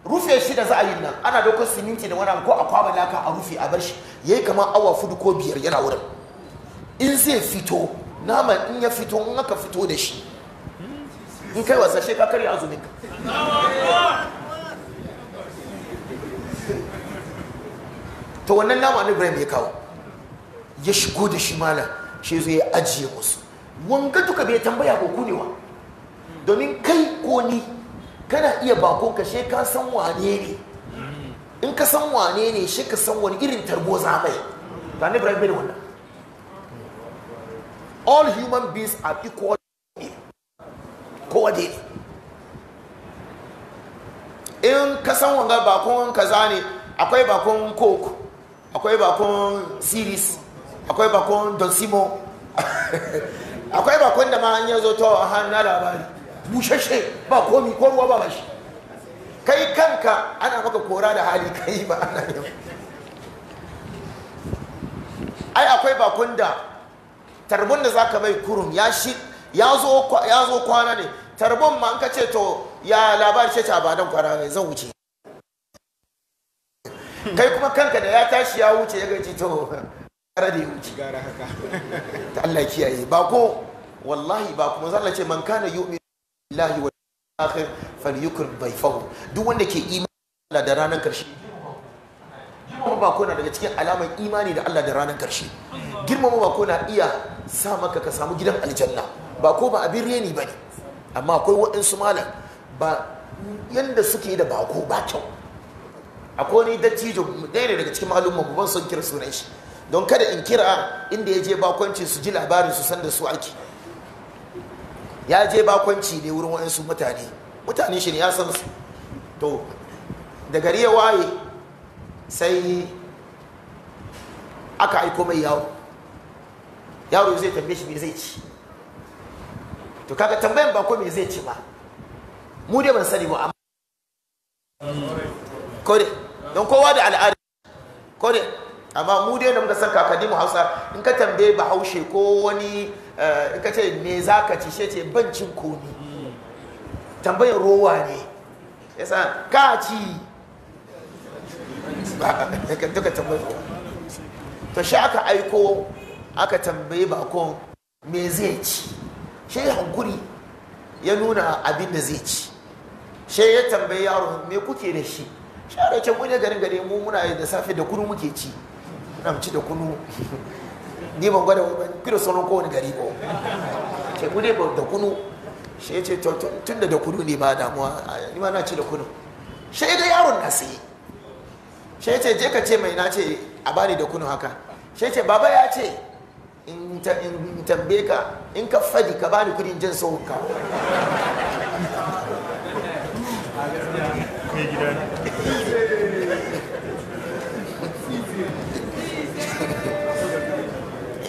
rufe shi da za a yi nan ana dokar siminti da wani ko a kwaba laka a rufe a bar shi yayi kamar awa fudu ko biyar yana wurin in zai fito naman in ya fito in aka fito da shi in kai wasa shi ka karya azumin ka to wannan nama ne Ibrahim ya kawo ya shigo da shi malam shi zai ajiye musu wanga duka bai tambaya ko kunewa domin kai ko ni kana iya bakon ka she ka san wane ne in ka san wane ne she ka san wani irin tarbo za mai ta ne bai da wannan all human beings are equal kowa dai ne in ka san wanga bakon kaza ne akwai bakon coke akwai bakon series akwai bakon don simo akwai bakon da ma an yanzu to a hannun labari bushashe ba komi ko ruwa ba mashi kai kanka ana maka kora da hali kai ba ana ai akwai bakon da tarbon da zaka bai kurum ya shi ya zo kwana ne tarbon ma an ka ce to ya labari ce ta badan kwana ne zan wuce kai kuma kanka da ya tashi ya wuce ya gaji to kara da ya wuce gara haka ta Allah kiyaye ba ko wallahi ba kuma zalla ce man kana yu'min lillahi wal akhir falyukrim dayfahu duk wanda ke imani da ranar karshe girmama bako na daga cikin alamar imani da Allah da ranar karshe girmama bako na iya sa maka ka samu gidan aljanna bako ba abin reni ba ne amma akwai waɗansu malam ba yanda suke da bako ba kyau akwai wani dattijo ɗaya ne daga cikin malumman mu ban son kira sunan shi don kada in kira inda ya je bakonci su ji labarin su san da su ake ya je bakwanci ne wurin waɗansu mutane mutane shi ne ya san su to da gari ya waye sai aka aiko mai yawo yaro zai tambaye shi me zai ci to kaga tambayan ba ko zai ci ba mu dai ban sani ba amma kore don kowa da al'ada kore amma mu dai da muka san kakanni mu Hausa in ka tambaye Bahaushe ko wani Eh, ka ce me za ka ci shi ce bancin komi tambayar rowa ne yasa ka ci ba duka tambayar rowa to shi aka aiko aka tambayi bakon me zai ci shi hankuri ya nuna abin da zai ci shi ya tambayi yaro me kuke da shi shi yaro can garin gare mu muna da safe da kunu muke ci muna ci da kunu ni ban gwada kira sauran kowane gari ko ke ku ba da kunu shi ya ce tun da da kunu ne ba damuwa ni ma na ce da kunu shi ga yaron na sai shi ya ce je ka ce mai na ce a bani da kunu haka shi ya ce baba ya ce in tambaye ka in ka fadi ka bani kudin jin sauka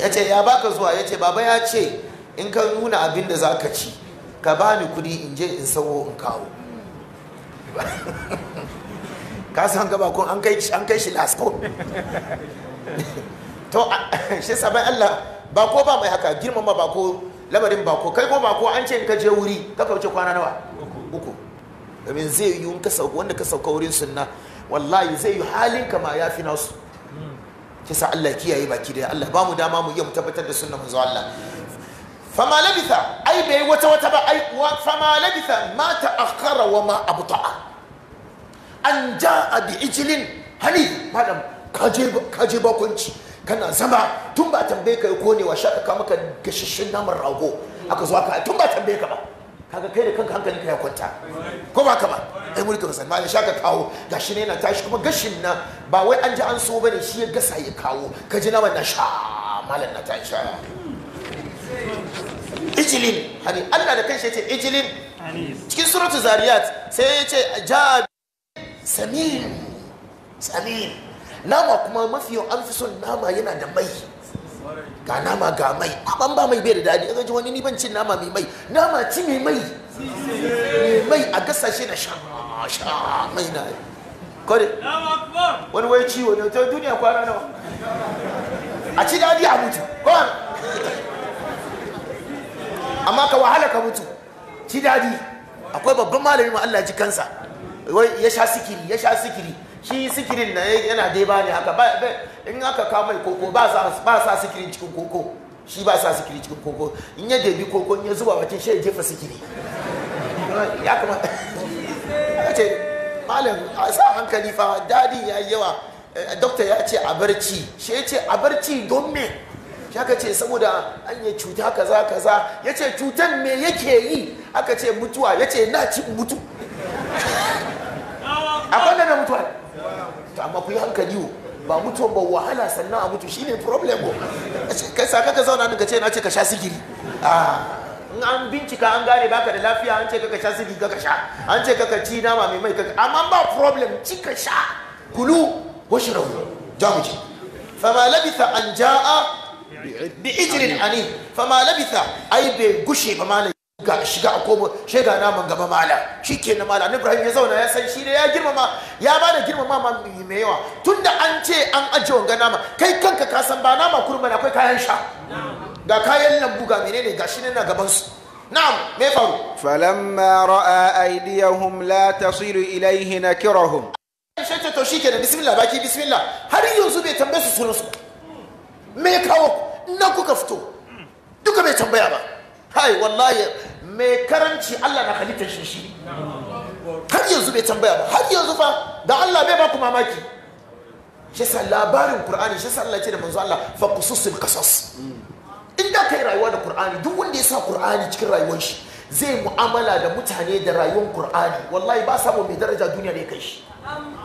ya ce ya baka zuwa ya ce baba ya ce in ka nuna abin da za ka ci ka ba ni kudi in je in sawo in kawo ka san gaba kun an kai shi lasko to shi sabai allah ba ko ba mai haka girmama ba ko lamarin ba ko kai ko ba ko an ce in ka je wuri ka kauce kwana nawa uku domin zai yi wanda ka sauka wurin sunna wallahi zai yi halin kama ya fi nasu kisa Allah kiyaye baki da Allah ba mu dama mu iya mu tabbatar da sunnar manzo Allah fama labitha ai bai wata wata ba ai fama labitha ma ta'akhkhara wa ma abta'a an ja'a bi ijlin hani madam kaje kaje bakunci kana zama tun ba tambaye ka ko ne wa shaka ka maka gashashin naman rago aka zo aka tun ba tambaye ka ba kaga kai da kanka ka ya kwanta ko ba ka ba ai mulkin sa ma sha ka kawo gashi ne yana tashi kuma gashin na ba wai an ji an so bane shi ya gasa ya kawo ka ji naman na sha malam na ta sha ijilin hani Allah da kanshi yace ijilin cikin suratul zariyat sai yace ja samin samin nama kuma mafi yawan an son nama yana da mai ga nama ga mai aban ba mai bai da dadi an wani ni ban cin nama mai mai nama ci mai mai mai a gasashe shi na sha sha mai na kore wani wai ciwo ne ta duniya kwana nawa a ci dadi a mutu kwan amma ka wahala ka mutu ci dadi akwai babban malami ma Allah ji kansa ya sha sikiri ya sha sikiri shi sikirin na yana dai bani haka in aka kawo mai koko ba sa sikirin cikin koko shi ba sa sikirin cikin koko in ya debi koko in ya zuba wacin shi ya jefa sikiri ya kamata ya ce malam a sa hankali fa dadi ya yi yawa eh, dokta ya ce a barci shi ya ce a barci don me shi aka ce saboda an yi cuta kaza kaza ya ce cutan me yake yi aka ce mutuwa ya ce na ci mutu akwai da mutuwa to amma ku yi hankali wo ba mutum ba wahala sannan a mutu shine problem ko kai saka ka zauna ka ce na ce ka sha sigiri ah, in an bincika an gane baka da lafiya an ce kaka sha sigiri kaka sha an ce kaka ci nama mai mai kaka amma ba problem ci ka sha kulu washrabu jamuji fama labitha an jaa bi ijrin ani fama labitha ai bai gushe ba malam ga shiga a komo shi ga naman gaba mala shi ke na mala ibrahim ya zauna ya san shi ne ya girmama ya ba da girmama ma mai yawa tunda an ce an ajiye wanga nama kai kanka ka san ba nama kurma akwai kayan sha ga kayan lambu ga menene ga shi ne na gaban su na'am me faru falamma ra'a aydiyahum la tasiru ilayhi nakirahum shi ta to shi ke da bismillah baki bismillah har yanzu bai tambaye su sunan su me kawo na kuka fito duka bai tambaya ba kai wallahi mai karanci Allah na halittar shi shi har yanzu bai tambaya ba har yanzu fa da Allah bai ba ku mamaki shi sa labarin Qur'ani shi sa Allah ce da manzo Allah fa qususul qasas in da kai rayuwa da Qur'ani duk wanda ya sa Qur'ani cikin rayuwar shi zai mu'amala da mutane da rayuwar Qur'ani wallahi ba samu mai daraja duniya da kai shi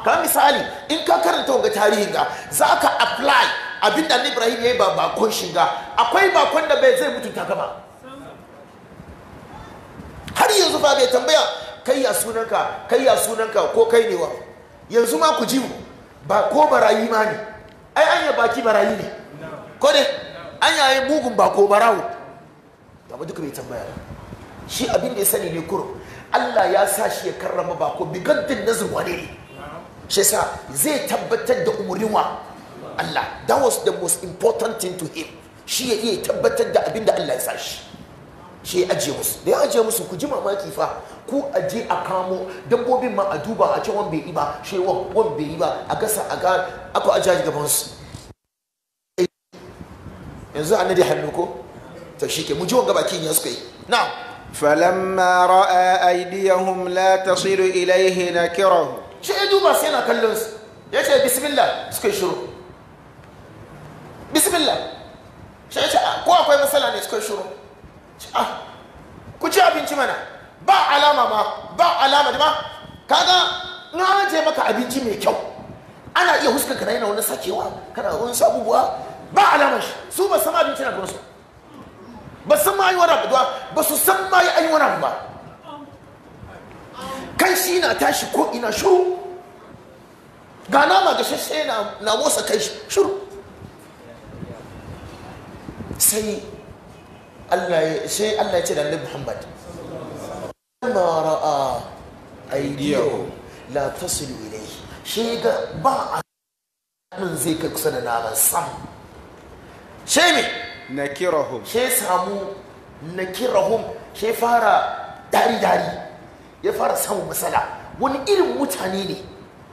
ka misali in ka karanta wanga tarihin ga za ka apply abin Ibrahim ya yi ba bakon shiga akwai bakon da bai zai mutunta ka ba yusufa bai tambaya kai ya sunanka kai ya sunanka ko kai ne wa yanzu ma ku ji ba ko barayi ma ne ai an yi baki barayi ne ko ne an yayi mugun ba ko barawo ba duka bai tambaya shi abin da ya sani ne kuro Allah ya sa shi ya karrama ba ko bigantin nazar wane ne shi sa zai tabbatar da umarnin wa Allah that was the most important thing to him shi ya iya tabbatar da abin da Allah ya sa shi shi ajiye musu da ya ajiye musu ku ji mamaki fa ku aje a kamo dabbobin ma a duba a ce wan bai yi ba shi wan bai yi ba a gasa a ga aka ajiye gaban su yanzu an nade hannu ko to shi ke mu ji wanga bakin ra'a suka yi tasiru ilayhi راى shi ya duba sai na kallon su. Ya ce bismillah su الله shiru. bismillah shi ya ce ko akwai matsala ne suka shiru. Ah, ku ci abinci mana ba alama ma ba alama ma kaga na je maka abinci mai kyau ana iya huskar ka yana wani sakewa kana wani sabubuwa ba alama shi su ba san abinci na gabansu ba san ma yi wani abu ba su san ma yi wani abu ba kan shi na tashi ko ina shuru ga nama ga shashe na motsa kai shuru sai Allah sai Allah ya ce da Annabi Muhammad ma ra'a aydiyo la tasilu ilayhi shi ga ba abin zai kai kusa da naman sam shi me nakirahum shi samu nakirahum shi fara dari dari ya fara samun matsala wani irin mutane ne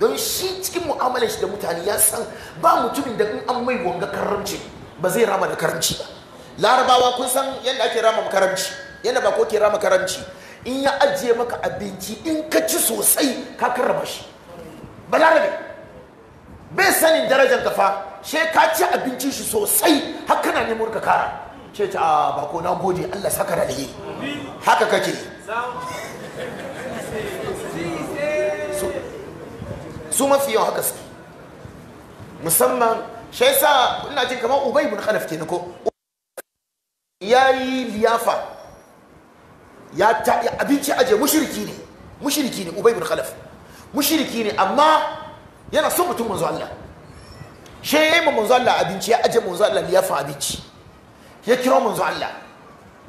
don shi cikin mu'amalar shi da mutane ya san ba mutumin da in an mai wanga karamci ba zai rama da karamci ba larabawa kun san yadda ake rama makaranci yadda ba ko ke rama makaranci in ya ajiye maka abinci in ka ci sosai ka karrama shi balarabe bai sanin darajar ka fa she ka ci abincin shi sosai har kana nemo ka kara ce ta ah, a ba ko na gode Allah saka da alheri haka kake su mafi yawan haka suke musamman shi yasa ina jin kamar ubay bin khalaf kenan ko ya yi liyafa ya ta abinci aje mushiriki ne mushiriki ne ubay bin khalaf mushiriki ne amma yana son mutum manzo Allah she yayi ma manzo Allah abinci ya aje manzo Allah liyafa abinci ya kira manzo Allah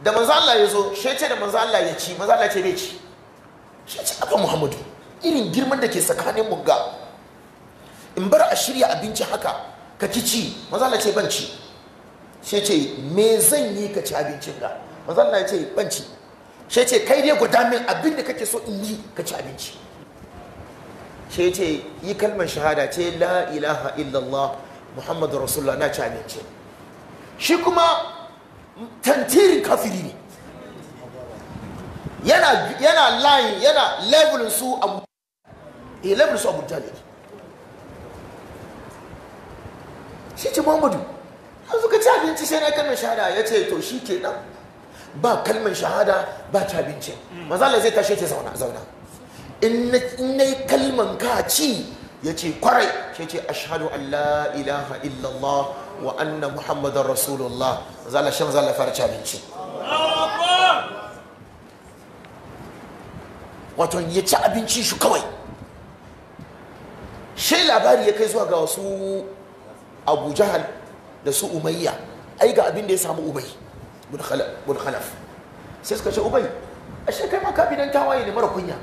da manzo Allah ya zo she ce da manzo Allah ya ci manzo Allah ce bai ci she ce aka Muhammadu irin girman da ke tsakanin mu ga in bar a shirya abinci haka ka ci manzo Allah ce ban ci shi ce me zan yi ka ci abincin ga mazan na ce banci shi ce kai dai guda min abin da kake so in yi ka ci abinci shi ce yi kalmar shahada ce la ilaha illallah muhammadu rasulullah na ci abinci shi kuma tantirin kafiri ne yana yana layin yana levelin su abu eh levelin su abu talib shi ce muhammadu an suka ci abinci sai na kalmar shahada ya ce to shi ke nan ba kalmar shahada ba ci abinci mazala zai tashe ce zauna zauna in na yi kalmar ka ci ya ce kwarai ke ce ashadu an la ilaha illallah wa anna muhammadan rasulullah zala shan zala fara ci abinci wato ya ci abinci shi kawai shi labari ya kai zuwa ga wasu abu jahal da su umayya ai ga abin da ya samu ubay bin khalaf sai suka ce ubay ashe kai ma dan tawaye ne mara kunya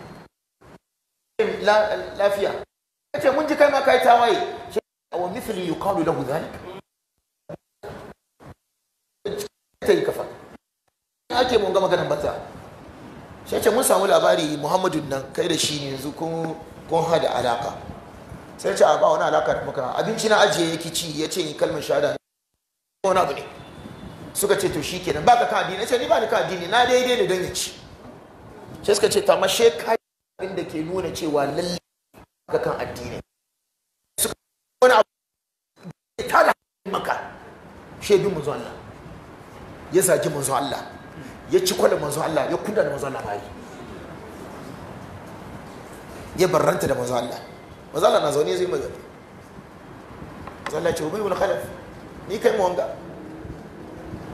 lafiya kace mun ji kai ma kai tawaye wa mithli yuqalu lahu dhalik tai kafa ake mun ga maganar banza sai ce mun samu labari muhammadu nan kai da shi ne yanzu kun kun hada alaka sai ce a ba wani alaka da muka abinci na ajiye yake ci ya ce kalmar shahada wani abu ne suka ce to shi kenan baka kadi addini ce ni ba ni kadi ne na daidai ne don ya ci sai suka ce to amma she kai abin da ke nuna cewa lalle ka kan addini suka wani abu ta da maka shaidu manzo Allah ya zaki manzo Allah ya ci kwalin manzo Allah ya kunda da manzo Allah bayi ya barranta da manzo Allah manzo Allah na zaune zai magana manzo Allah ce ubai wani khalaf ni kai mu wanga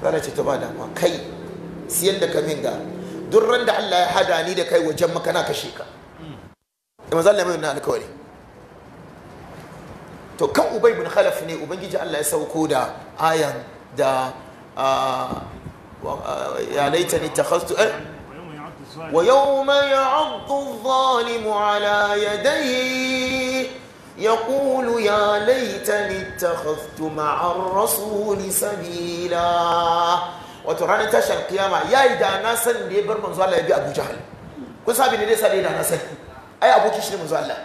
rana ce ta ba damuwa kai siyan da kamin ga duk ran da Allah ya hada ni da kai wajen maka na kashe ka da mazan Allah na alkawari to kan ubai bin khalaf ne ubangiji Allah ya sauko da ayan da ya laitani takhastu ويوم يعض الظالم على يديه يقول يا ليتني اتخذت مع الرسول سبيلا wato ranar tashar kiyama ya yi da na sanin da ya bar manzo Allah ya bi Abu kun sabi ne nesa da ya na sani ai aboki shi ne manzo Allah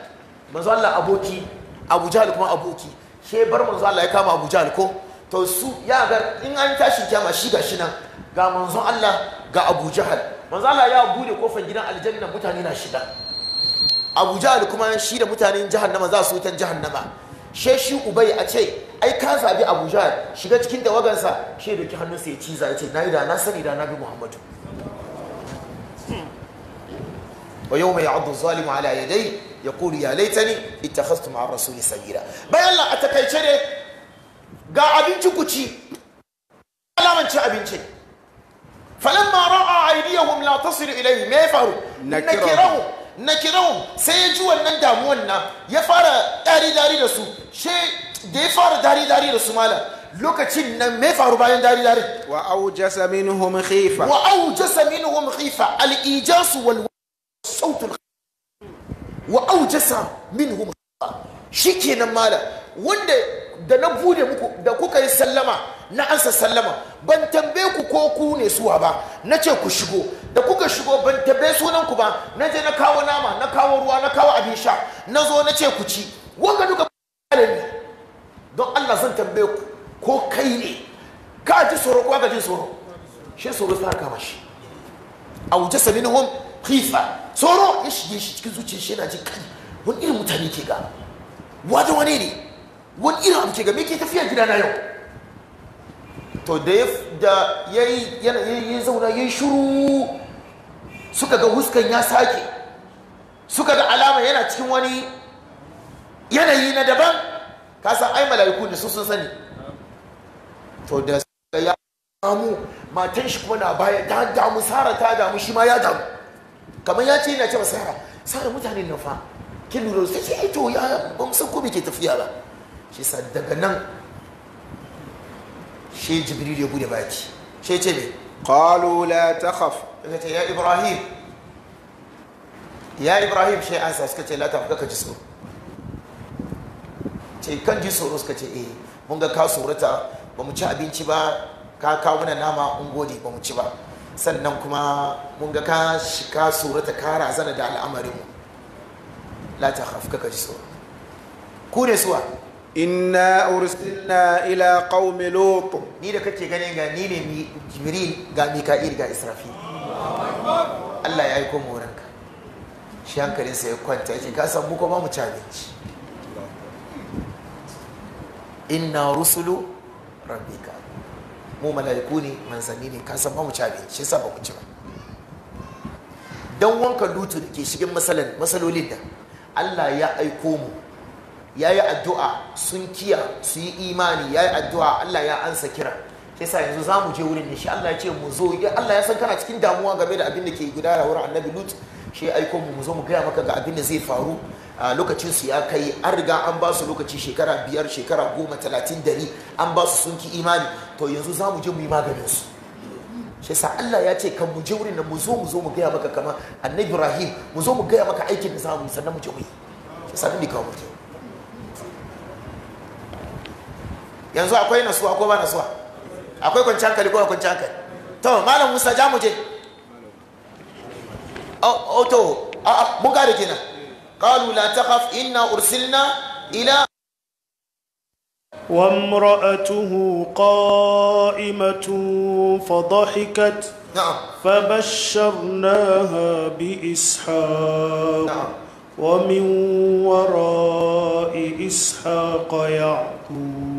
manzo Allah aboki Abu kuma aboki she bar manzo Allah ya kama Abu Jahal ko to su ya ga in an tashi kiyama shi ga shi ga manzo Allah ga Abu Jahal Allah ya buɗe kofar gidan aljanna mutane na shiga. abu jahal kuma shi da mutanen jahannama za su wutan jahannama she shi ubai a ce ai ka zabi abu jahal shiga cikin tawagansa she doki hannunsa ya ciza ya ce na yi da na sani da na bi muhammadu wa yau mai abu zalimu ala dai? ya kuri ya laitani ittakhastu ma'a rasuli sabila bayan la a takaice ne ga abinci ku ci alaman ci abinci falamma ra'a aydiyahum la tasil ilayhi me faru nakirahu na kirau sai ya ji wannan damuwan na ya fara dari-dari da su she da ya fara dari-dari da su mala lokacin nan mai faru bayan dari-dari wa aujasa minhum khifa wa aujasa minhum khifa al-ijasu wal sautul wa aujasa minhum khifa shikenan mala wanda da na bude muku da kuka yi sallama na ansa sallama ban tambaye ku ko ku ne suwa ba na ce ku shigo da kuka shigo ban tabe sunan ku ba na je na kawo nama na kawo ruwa na kawo abin sha na zo na ce ku ci wanga duka ne don Allah zan tambaye ku ko kai ne ka ji tsoro ko ka ji tsoro shi tsoro sai ka mashi aw jasa minhum khifa tsoro ya shige shi cikin zuciya shi yana ji kai wani irin mutane ke ga wani wani ne wani irin abu ke ga me ke tafiya gida na yau to da ya yi zauna ya yi shuru suka ga huskan ya sake suka ga alama yana cikin wani yanayi na daban ka san ai mala'iku ne su sun sani to da suka ya damu matan shi kuma na baya ta damu sara ta damu shi ma ya damu kamar ya ce yana ce sara sara mutane na fa ki lura su ce eh to ya ban san ko ke tafiya ba shi sa daga nan shi jibril ya bude baki shi ce ne. qalu la takhaf suka ce ya ibrahim ya ibrahim shi an sa suka ce lati tafka ka ji tsoro ce kan ji tsoro suka ce eh mun ga ka tsorata ba mu ci abinci ba ka kawo nama ungodi ba mu ci ba sannan kuma mun ga ka shika tsorata ka razana da al'amarinmu lati ta kaka ka ji tsoro ku ne suwa inna ursilna ila qaumi lut ni da kake ganin ga ni ne jibril ga mika'il ga israfil Allah ya aiko mu wurinka shi hankalinsa ya kwanta yake ka san mu kuma mu ci abinci inna rusulu rabbika mu mala'iku ne manzanni ne ka san ba mu ci abinci yasa ba mu ci ba dan wanka dutu ke shigin masalan masalolin da Allah ya aiko mu ya yi addu'a sun kiya su yi imani ya yi addu'a Allah ya ansa kira sai sa yanzu za mu je wurin da shi Allah ya ce mu zo Allah ya san kana cikin damuwa game da abin da ke gudana wurin annabi lut shi aiko mu zo mu gaya maka ga abin da zai faru a lokacin su ya kai an riga an ba su lokaci shekara biyar shekara goma talatin dari an ba su sun ki imani to yanzu za mu je mu yi maganin su shi sa Allah ya ce kan mu je wurin nan mu zo mu zo mu gaya maka kamar annabi Ibrahim mu zo mu gaya maka aikin da za mu yi sannan mu je mu yi shi sa ne kawo yanzu akwai nasuwa ko ba nasuwa akwai kwanciyar hankali ko kwanciyar hankali to malam musa ja mu je auto mun ga gane kenan qalu la takhaf inna ursilna ila وامرأته قائمة فضحكت نعم فبشرناها بإسحاق نعم ومن وراء إسحاق يعقوب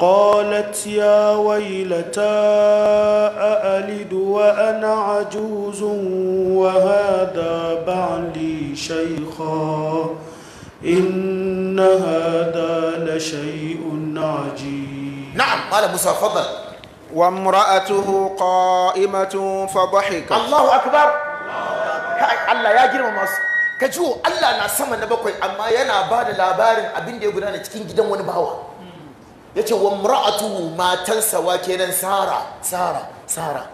قالت يا ويلتى أألد وأنا عجوز وهذا بعلي شيخا إن هذا لشيء عجيب نعم قال موسى فضل وامرأته قائمة فضحكت الله أكبر الله يا جرم مصر ka ji Allah na sama na bakwai amma yana ba da labarin abin da ya gudana cikin gidan wani bawa ya ce wa mura'atuhu matansa wa kenan sara sara sara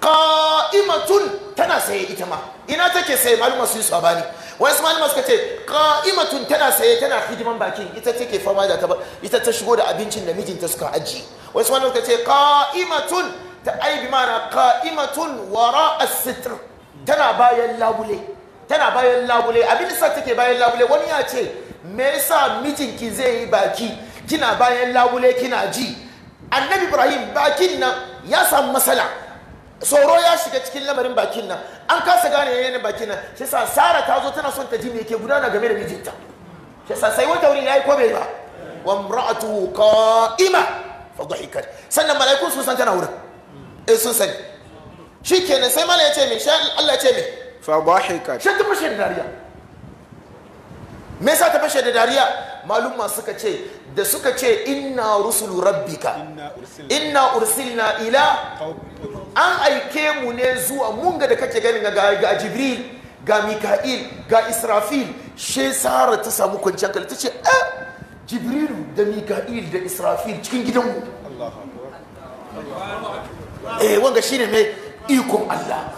qa'imatun tana saye ita ma ina take saye malama su yi sabani wasu malama suka ce qa'imatun tana saye tana hidiman baki ita take fama da ta ita ta shigo da abincin da mijinta suka ajiye wasu malama suka ce qa'imatun ta aibi mana qa'imatun wara as-sitr tana bayan labule tana bayan labule abin da take bayan labule wani ya ce me yasa mijinki zai yi baki kina bayan labule kina ji annabi ibrahim bakin nan ya samu matsala tsoro ya shiga cikin lamarin bakin nan an kasa gane yanayin bakin nan shi sa sara ta zo tana son ta ji me ke gudana game da mijinta shi sa sai wata yayi ko bai ba wa imra'atu qa'ima fa dhahikat sannan malaikun sun san tana wurin eh sun sani shikenan sai ce me sha Allah ya ce me fa dhahikat shi ta fashe da dariya me yasa ta fashe da dariya malumma suka ce da suka ce inna rusulu rabbika inna ursilna ila an aike mu ne zuwa munga da kake ganin ga jibril ga mika'il ga israfil she sara ta samu kwanciyar kalli ta ce eh Jibril da mika'il da israfil cikin gidan mu. eh wanga shi ne mai ikon allah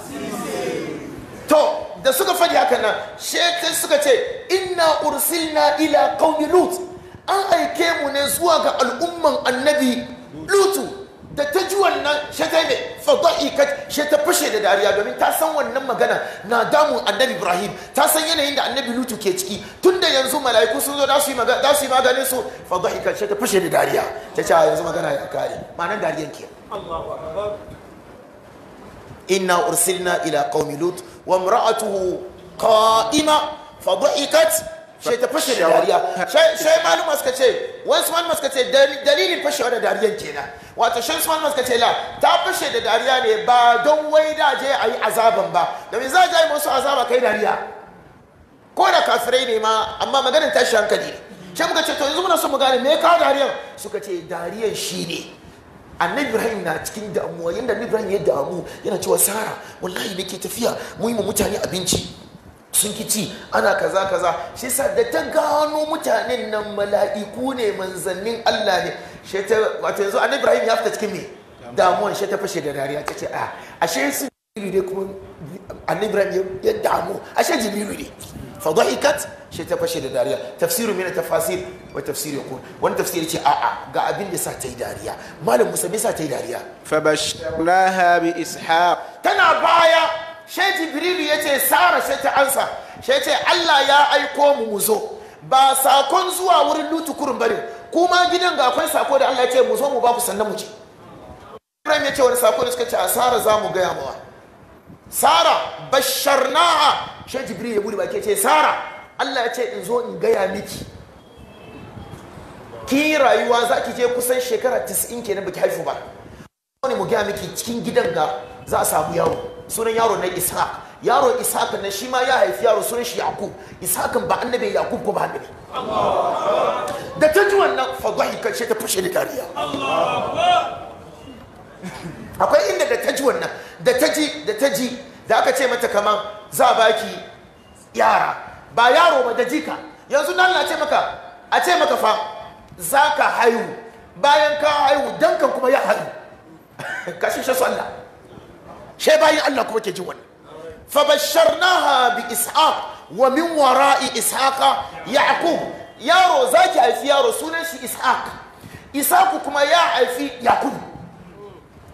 to da suka faɗi haka nan she suka ce inna ursilna ila qaumi lut an aike mu ne zuwa ga al'umman annabi lutu da ta ji wannan shi ta fagwa ikat shi ta fashe da dariya domin ta san wannan magana na damun annabi ibrahim ta san yanayin da annabi lutu ke ciki tun da yanzu mala'iku sun zo za su yi maganin su fagwa ikat shi ta fashe da dariya ta ce yanzu magana ya kare ma'anar dariyan ke inna ursilna ila qaumi lut wa imra'atuhu qa'ima ikat. sai ta fashe da dariya sai maluma suka ce wasu maluma suka ce dalilin fashewa da dariyan kenan wato shan su maluma suka ce la ta fashe da dariya ne ba don wai da je a yi azaban ba Da domin za a yi musu azaba kai dariya ko da kafirai ne ma amma maganin tashi hankali ne muka ce to yanzu muna son mu gane me kawo dariyan suka ce dariyan shi ne annabi ibrahim na cikin damuwa yadda annabi ibrahim ya damu yana cewa sara wallahi nake tafiya mu yi mutane abinci sun ki ci ana kaza kaza shi sa da ta gano mutanen nan mala'iku ne manzannin Allah ne shi ta wato yanzu annabi Ibrahim ya fita cikin me damuwan shi ta fashe da dariya ta ce a ah, ashe su jibiru ne kuma annabi Ibrahim ya damu ashe jibiru ne fa dhahikat shi ta fashe da dariya tafsiru mina tafasir wa tafsir yakun wani tafsiri ce a a ga abin da sa ta yi dariya malam Musa bai sa ta yi dariya fa bashnaha bi ishaq tana baya shai jibrilu ya ce sara shai ta ansa shai ce allah ya aiko mu mu zo ba sakon zuwa wurin lutu kurun ne. kuma gidan ga akwai sako da allah ya ce mu zo mu ba ku sannan mu ce ibrahim ya ce wani sako da suka ce a sara za mu gaya mawa sara basharnaha shai jibrilu ya bude baki ya ce sara allah ya ce in zo in gaya miki ki rayuwa za ki je kusan shekara 90 kenan baki haifu ba ne mu gaya miki cikin gidan ga za a samu yawo sunan yaro na ishaq yaro ishaq na shi ma ya haifi yaro sunan shi yaqub ishaqan ba annabi yaqub ko ba annabi da ta ji wannan fadwahi kan ta fashe ni dariya akwai inda da ta ji wannan da ta ji da ta ji da aka ce mata kaman za baki yara ba yaro ba da jika yanzu nan na ce maka a ce maka fa za ka haihu bayan ka haihu dankan kuma ya haihu kashin shi sallah she bayan Allah kuma ke jin wannan fa basharnaha bi ishaq wa min wara'i ishaqa yaqub yaro zaki haifi yaro sunan shi ishaq ishaq kuma ya haifi yaqub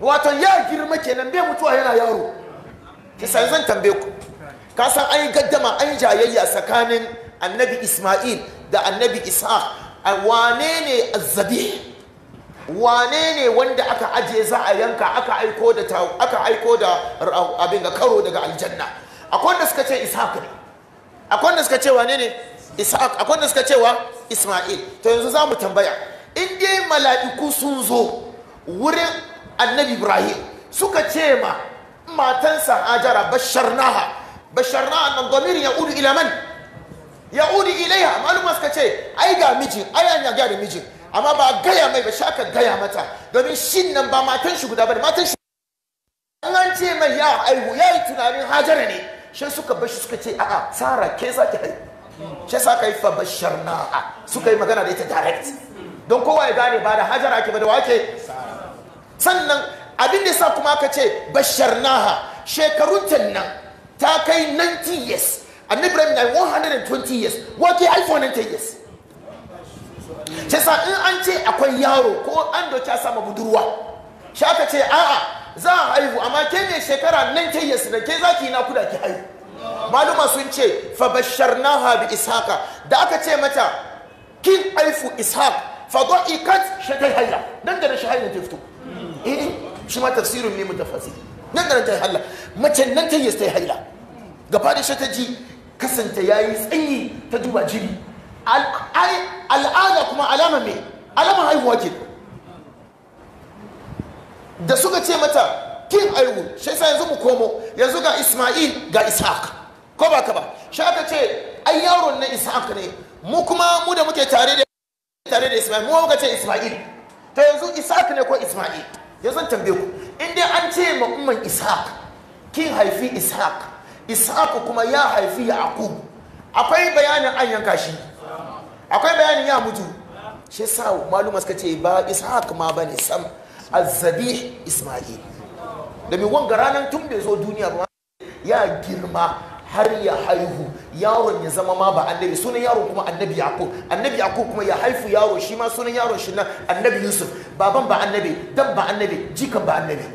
wato ya girma kenan bai mutuwa yana yaro ki san zan tambaye ku ka san an gaddama an jayayya tsakanin annabi isma'il da annabi ishaq wane ne azzabih wane ne wanda aka ajiye za a yanka aka aiko da aka aiko da abin ga karo daga aljanna akwai wanda suka ce ishaq ne akwai wanda suka ce wane ne ishaq akwai wanda suka wa isma'il to yanzu za mu tambaya in dai mala'iku sun zo wurin annabi ibrahim suka ce ma matansa hajara basharnaha basharnaha nan domin ya udu ila man ya udu ilaiha malum suka ce ai ga miji ai an ya ga da mijin amma ba gaya mai ba sha ka gaya mata domin shin nan ba matan shi guda ba matan shi an an ce mai ya aihu ya yi tunanin hajara ne shi suka bashi suka ce a'a sara ke za ki haihu shi sa ka yi fa bashar a suka yi magana da ita direct don kowa ya gane ba da hajara ke ba da wake sannan abin da sa kuma aka ce bashar naha shekarunta nan ta kai 90 years annabi ibrahim na 120 years wake iphone 90 years ce sa in an ce akwai yaro ko an doki a sama budurwa shi aka ce a'a za a haihu amma ke ne shekara nan ke yi da ke zaki na kuda ki haihu maluma sun ce fa na bi ishaka da aka ce mata kin Haifu ishaq fa ikat shatai haila nan da shi haila ta fito eh, eh shi ma tafsirun ne mutafassir nan da ta haila mace nan ta yi ta haila gaba da shi ta ji kasanta yi tsanyi ta duba jini al'ada kuma alama mai alama haihuwa ke da suka ce mata kin aiwu shi sa yanzu mu komo yanzu ga Isma'il ga Ishaq ko ba ka ba shi aka ce ai yaron na Ishaq ne mu kuma mu da muke tare da tare da Isma'il mu muka ce Isma'il to yanzu Ishaq ne ko Isma'il yanzu tambaye ku in dai an ce ma umman Ishaq kin haifi Ishaq Ishaq kuma ya haifi Yaqub akwai bayanin an yanka shi akwai bayanin ya mutu shi sa maluma suka ce ba ishaq ma ba ne sam azabi isma'il da mai wanga ranar tun bai zo duniya ba ya girma har ya haihu yaron ya zama ma ba annabi sunan yaron kuma annabi yaqub annabi yaqub kuma ya haifu yaro shi ma sunan yaron shi na annabi yusuf baban ba annabi dan ba annabi jikan ba annabi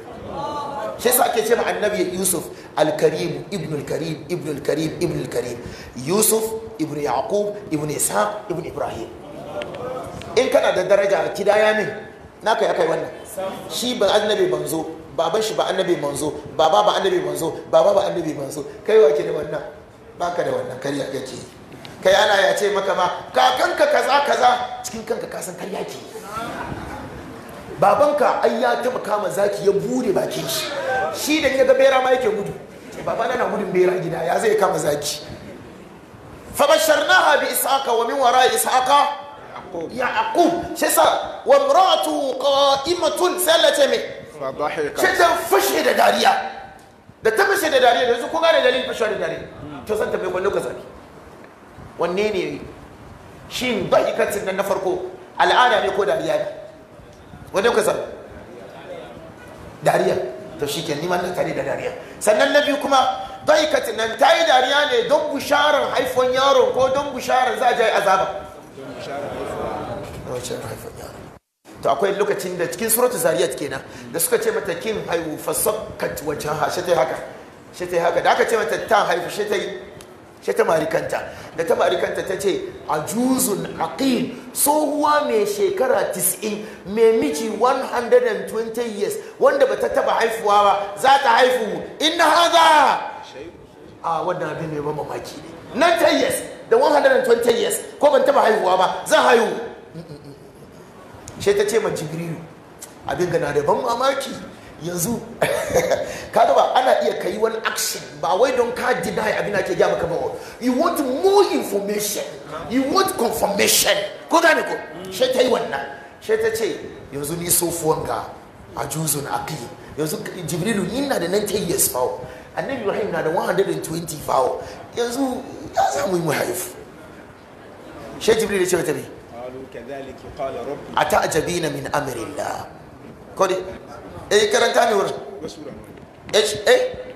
shi yasa ake ce ma annabi yusuf al-karim ibn al-karim ibn al-karim ibn al-karim yusuf ibn yaqub ibn Isa ibn ibrahim in kana da daraja ya min naka ya kai wannan shi ba annabi manzo baban shi ba annabi manzo baba ba annabi manzo baba ba annabi manzo kai wa ke da wannan baka da wannan karya kake kai ana ya ce maka ma kakanka kaza kaza cikin kanka kasan karya ke babanka ai ya taba kama zaki ya bude bakin shi shi da ya ga bera ma yake gudu eh, babana na gudun bera gida ya zai kama zaki wa min wara وراء إسحاق يعقوب شسا wa قائمة qa'imatun فضحكت شتا فشي da dariya da ta fashe da dariya yanzu ko gane dalilin fashe da dariya hmm. to san ta bai kwallo ga zabi wanne ne shin dahikatin nan na farko al'ada ne ko dariya ne wajen kusa dariya to shi ke neman da tare da dariya sannan na biyu kuma daikatin nan ta yi dariya ne don bisharar haifon yaro ko don bisharar za a jayi azaba to akwai lokacin da cikin suratu zariyat kenan da suka ce mata kin haihu fasokat wajen ha shi ta yi haka shi ta yi haka da aka ce mata ta haifu shi ta yi shi ta marikanta kanta da ta marikanta kanta ta ce a juzun aqil tsohuwa mai shekara 90 mai miji 120 years wanda ba ta taba haifuwa ba za ta haifu inna haza a wannan abin mai mamaki ne 90 years da 120 years ko ban taba haifuwa ba zan haihu mm, mm, mm, shi ta ce ma jibrilu abin gana da ban mamaki yanzu ka ba ana iya kai wani action ba wai don ka deny abin ke gya maka ba you want more information you want confirmation ko gane ko she ta yi wannan she ta ce yanzu ni sofuwan ga a juzun aki yanzu jibrilu ni na da 90 years fawo annabi ibrahim na da 120 fawo yanzu ya samu yi muhaifu she jibrilu ce wata bi a ta'ajabina min amirin ko eh karanta ne wurin eh eh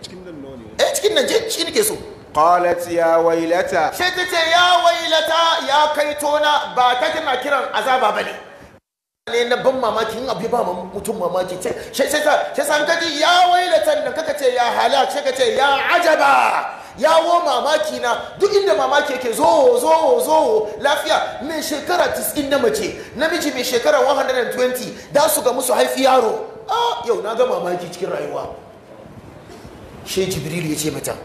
cikin nan je shi nake so qalat ya wailata shi ta ce ya wailata ya kai tona ba ta tana kiran azaba bane ne na ban mamaki in abu ba mutum mamaki sai sai sai san kaji ya wailatan nan kaka ce ya halak sai ka ce ya ajaba yawo mamaki na duk inda mamaki yake zo zo zo lafiya mai shekara 90 na mace namiji mai shekara 120 da su ga musu haifi yaro a yau na ga mamaki cikin rayuwa she jibril ya ce mata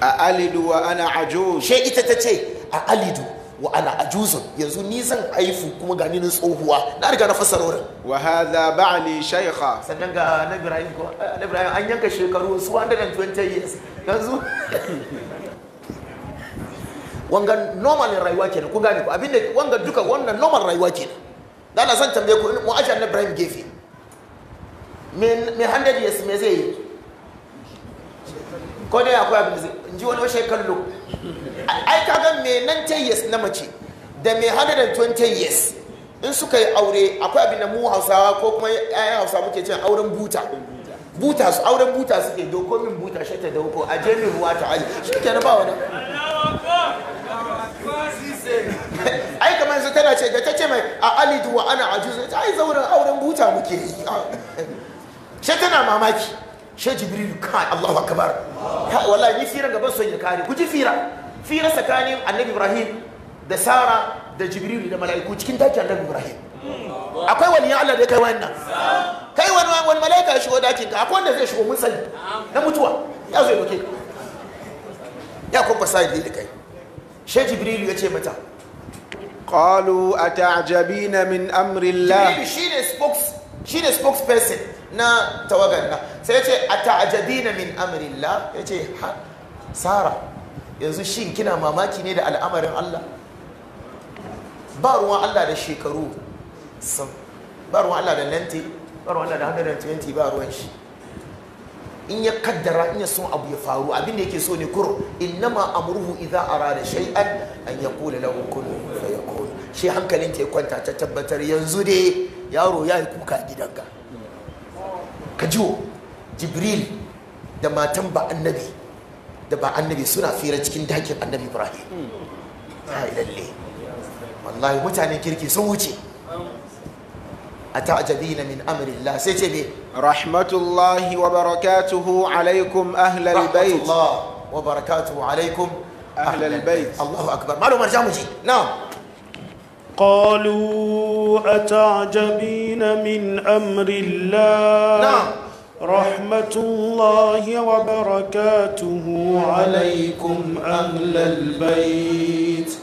a alidu wa ana ajo she ita ta ce a alidu wa ana ajuzu yanzu ni zan haifu kuma gani na tsohuwa na riga na fasara wurin wa hadha ba'li shaykha sannan ga na ibrahim ko na ibrahim an yanka shekaru 120 years yanzu wanga normal rayuwa ke ku gane ku abinda wanga duka wannan normal rayuwa ke da na san tambaye ku mu aje na ibrahim gefe mai hundred years me zai yi ko dai akwai abin da zai in ji wani washe kallo ai kaga mai nan ten years na mace da mai hundred and twenty years in suka yi aure akwai abin da mu hausawa ko kuma yayan hausa muke cin auren buta buta su auren buta su doko min buta shi ta dauko a jamin ruwa ta aji shi ke na ba wani ai kamar su tana ce da ta ce mai a alidu wa ana ajuzu ta yi zauren auren buta muke yi sai tana mamaki shi jibril kai allahu akbar wallahi ni fira gaban soyayya kare ku ji fira fira tsakanin annabi ibrahim da sara da jibril da mala'iku cikin dakin annabi ibrahim akwai wani Allah da kai wannan kai wani wani mala'ika ya shigo dakin ka akwai wanda zai shigo mun sani na mutuwa ya zo ya doke ya kuma sai da kai shi jibril ya ce mata قالوا أتعجبين من أمر الله شيء spokes شيء spokesperson na tawagan nan sai ya ce a ta'ajabina min amrillah ya ce sara yanzu shin kina mamaki ne da al'amarin Allah ba ruwan Allah da shekaru sam ba ruwan Allah da 90 ba ruwan Allah da 120 ba ruwan shi in ya kaddara in ya son abu ya faru abin da yake so ne kur innama amruhu idza arada shay'an an yaqula lahu kun fayakun shi hankalin ta ya kwanta ta tabbatar yanzu dai yaro ya yi kuka gidanka Kajiwo jibril da matan ba annabi da ba annabi suna fira cikin dakin annabi ibrahim lalle wallahi mutanen kirki sun wuce a ta'ajabina min amrillah sai ce me rahmatullahi wa barakatuhu alaikum ahlal bait wa barakatuhu alaikum ahlal bait Allahu akbar malumar jamuji na'am قالوا أتعجبين من أمر الله نعم رحمة الله وبركاته عليكم أهل البيت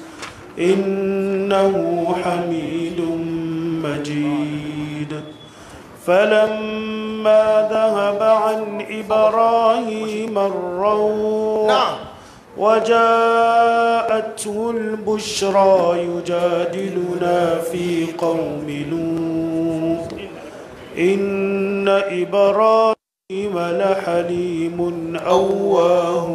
إنه حميد مجيد فلما ذهب عن إبراهيم الروح نعم وجاءته البشرى يجادلنا في قوم لوط إن إبراهيم لحليم أواه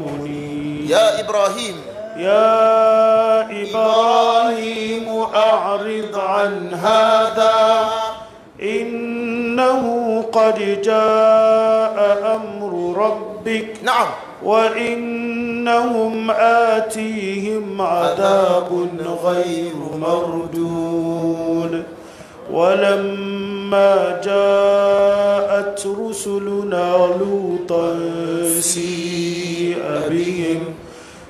منيب يا إبراهيم يا إبراهيم أعرض عن هذا إنه قد جاء أمر ربك نعم وإنهم آتيهم عذاب غير مردود ولما جاءت رسلنا لوطا سيء بهم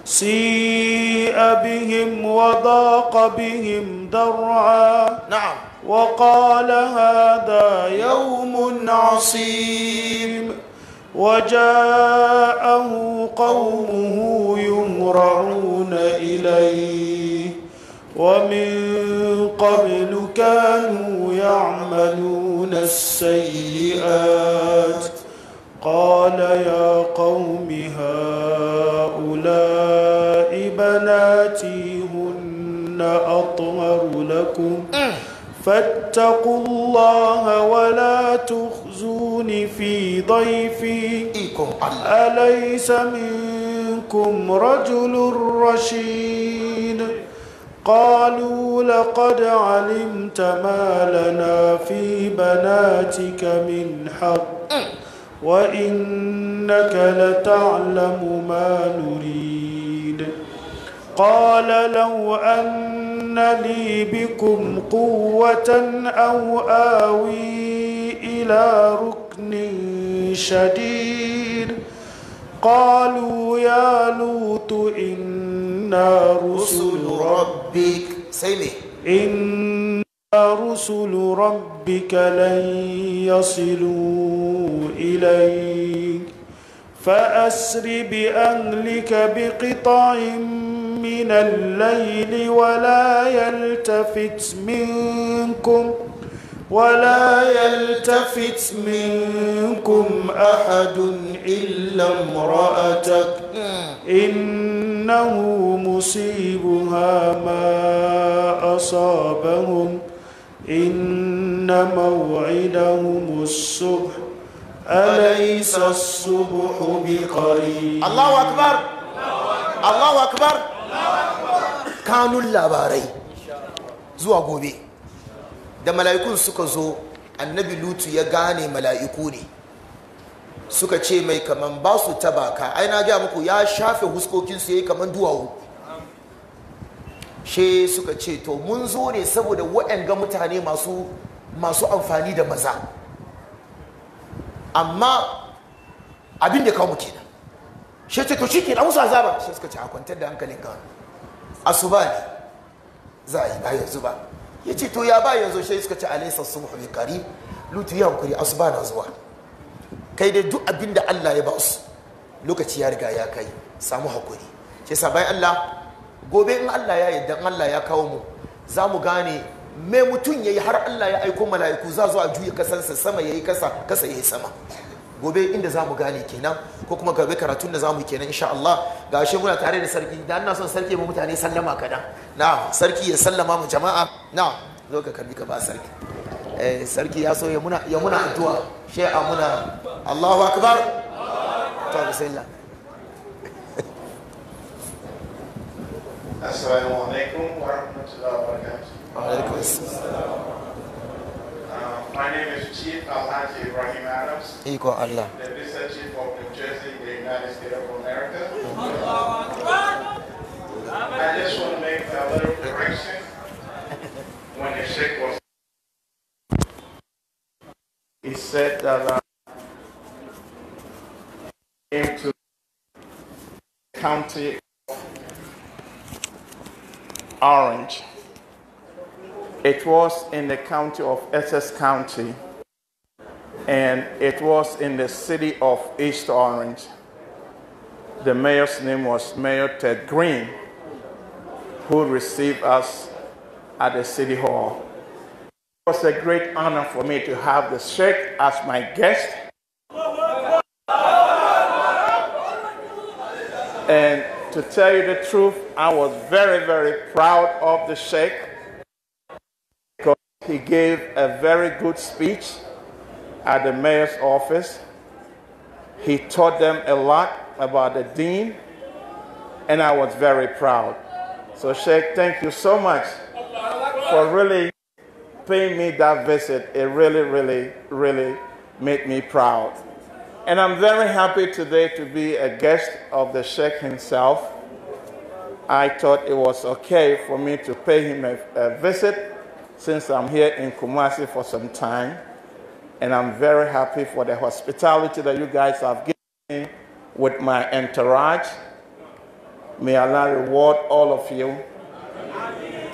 سيء بهم وضاق بهم درعا نعم وقال هذا يوم عصيب وجاءه قومه يمرعون إليه ومن قبل كانوا يعملون السيئات قال يا قوم هؤلاء بناتي هن أطهر لكم فاتقوا الله ولا تخزوني في ضيفي أليس منكم رجل رشيد قالوا لقد علمت ما لنا في بناتك من حق وإنك لتعلم ما نريد قال لو أن لي بكم قوة أو آوي إلى ركن شديد قالوا يا لوط إنا رسل ربك إنا رسل ربك لن يصلوا إليك فأسر بأهلك بقطع من الليل ولا يلتفت منكم ولا يلتفت منكم أحد إلا امرأتك إنه مصيبها ما أصابهم إن موعدهم الصبح أليس الصبح بقريب الله أكبر الله أكبر كانوا اللاباري zuwa gobe da mala'ikun suka zo annabi lutu ya gane mala'iku ne suka ce mai kaman ba su tabaka ai na gaya muku ya shafe huskokinsu ya yi kaman duwawu she suka ce to mun zo ne saboda waɗanga mutane masu amfani da maza amma abin da kawo mu kenan shi ce to shi kenan musu azaba shi suka ce a kwantar da hankalin ka asuba ne za a yi ba yanzu ba ya ce to ya ba yanzu shi suka ce alaisa su bi kari lutu ya hankuri asuba na zuwa kai dai duk abin da Allah ya ba su lokaci ya riga ya kai samu hakuri shi sa Allah gobe in Allah ya yi in Allah ya kawo mu za mu gane me mutum ya yi har Allah ya aiko mala'iku za zuwa juya kasansa sama ya yi kasa kasa ya yi sama gobe inda za mu gane kenan ko kuma gobe karatun da za mu kenan insha Allah ga shi muna tare da sarki da ina son sarki mu mutane sallama kadan na sarki ya sallama mu jama'a na zo ka karbi ka ba sarki eh sarki ya so ya muna ya muna addu'a shi a muna Allahu akbar Ta bismillah assalamu alaikum wa rahmatullahi wa barakatuh Uh, my name is Chief Alhaji Ibrahim Adams. Ego Allah. The Visa Chief of New Jersey, the United States of America. I just want to make a little correction. When the Sheikh was he said that I uh, came to county Orange. It was in the county of Essex County, and it was in the city of East Orange. The mayor's name was Mayor Ted Green, who received us at the city hall. It was a great honor for me to have the sheikh as my guest. And to tell you the truth, I was very, very proud of the sheikh he gave a very good speech at the mayor's office. He taught them a lot about the dean, and I was very proud. So, Sheikh, thank you so much for really paying me that visit. It really, really, really made me proud. And I'm very happy today to be a guest of the Sheikh himself. I thought it was okay for me to pay him a, a visit since I'm here in Kumasi for some time. And I'm very happy for the hospitality that you guys have given me with my entourage. May Allah reward all of you.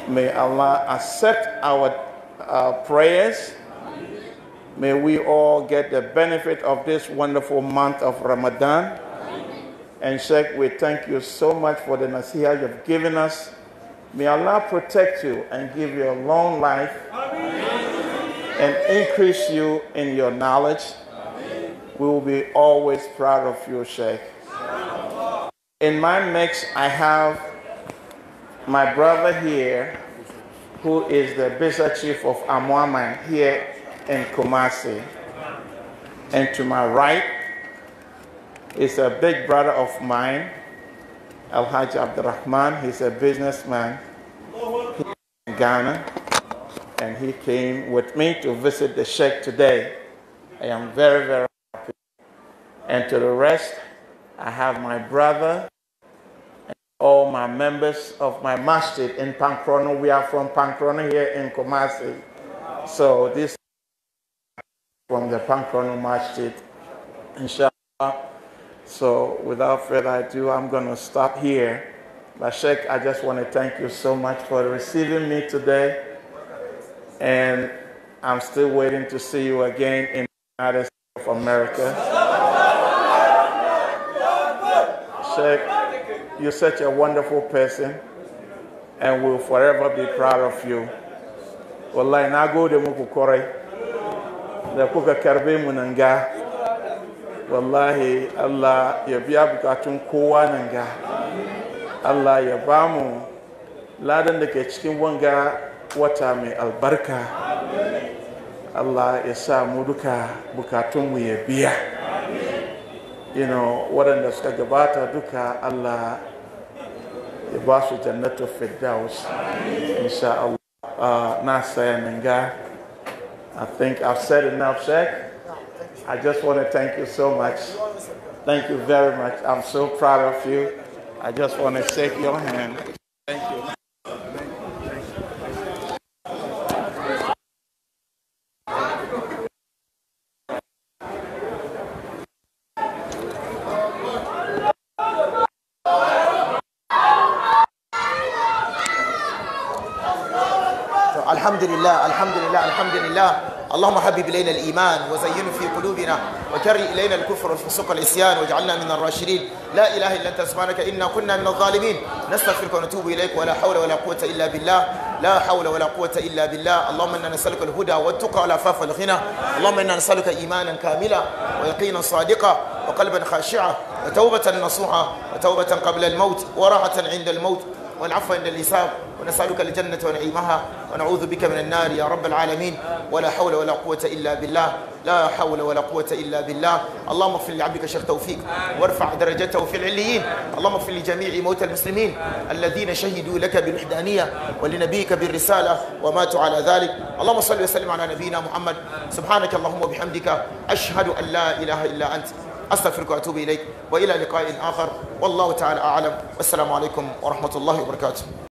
May Allah accept our uh, prayers. May we all get the benefit of this wonderful month of Ramadan. And Sheikh, we thank you so much for the nasiha you've given us. May Allah protect you and give you a long life and increase you in your knowledge. We will be always proud of you, Sheikh. In my mix, I have my brother here, who is the business chief of Amwaman here in Kumasi. And to my right is a big brother of mine, Al Hajj Abdul Rahman. He's a businessman in Ghana. And he came with me to visit the Sheikh today. I am very, very happy. And to the rest, I have my brother and all my members of my masjid in Pankrono. We are from Pankrono here in Kumasi. So this from the Pankrono masjid. Inshallah. So without further ado, I'm going to stop here. Bashek, I just want to thank you so much for receiving me today. And I'm still waiting to see you again in the United States of America. Sheikh, you're such a wonderful person, and we'll forever be proud of you. Wallahi, na gode muku kwarai da kuka karbe wallahi Allah ya biya bukatun kowa nan ga Allah ya ba mu ladan da ke cikin wanga wata mai albarka Allah ya sa mu duka bukatunmu ya biya you know waɗanda suka gabata duka Allah ya ba su Jannatu firdaus insha Allah ah, na saya nan ga I think I've said enough, Sheikh. I just want to thank you so much. Thank you very much. I'm so proud of you. I just want to shake your hand. Thank you. Alhamdulillah, Alhamdulillah. لا الحمد لله اللهم حبب إلينا الإيمان وزينه في قلوبنا وكره إلينا الكفر والفسوق والعصيان واجعلنا من الراشدين لا إله إلا أنت سبحانك إنا كنا من الظالمين نستغفرك ونتوب إليك ولا حول ولا قوة إلا بالله لا حول ولا قوة إلا بالله اللهم إنا نسألك الهدى والتقى والعفاف والغنى اللهم إنا نسألك إيمانا كاملا ويقينا صادقا وقلبا خاشعا وتوبة نصوحا وتوبة قبل الموت وراحة عند الموت والعفو عند اللسان ونسألك الجنة ونعيمها ونعوذ بك من النار يا رب العالمين ولا حول ولا قوة إلا بالله لا حول ولا قوة إلا بالله اللهم اغفر لعبدك شيخ توفيق وارفع درجته في العليين اللهم اغفر لجميع موتى المسلمين الذين شهدوا لك بالوحدانية ولنبيك بالرسالة وماتوا على ذلك اللهم صل وسلم على نبينا محمد سبحانك اللهم وبحمدك أشهد أن لا إله إلا أنت أستغفرك وأتوب إليك وإلى لقاء آخر والله تعالى أعلم والسلام عليكم ورحمة الله وبركاته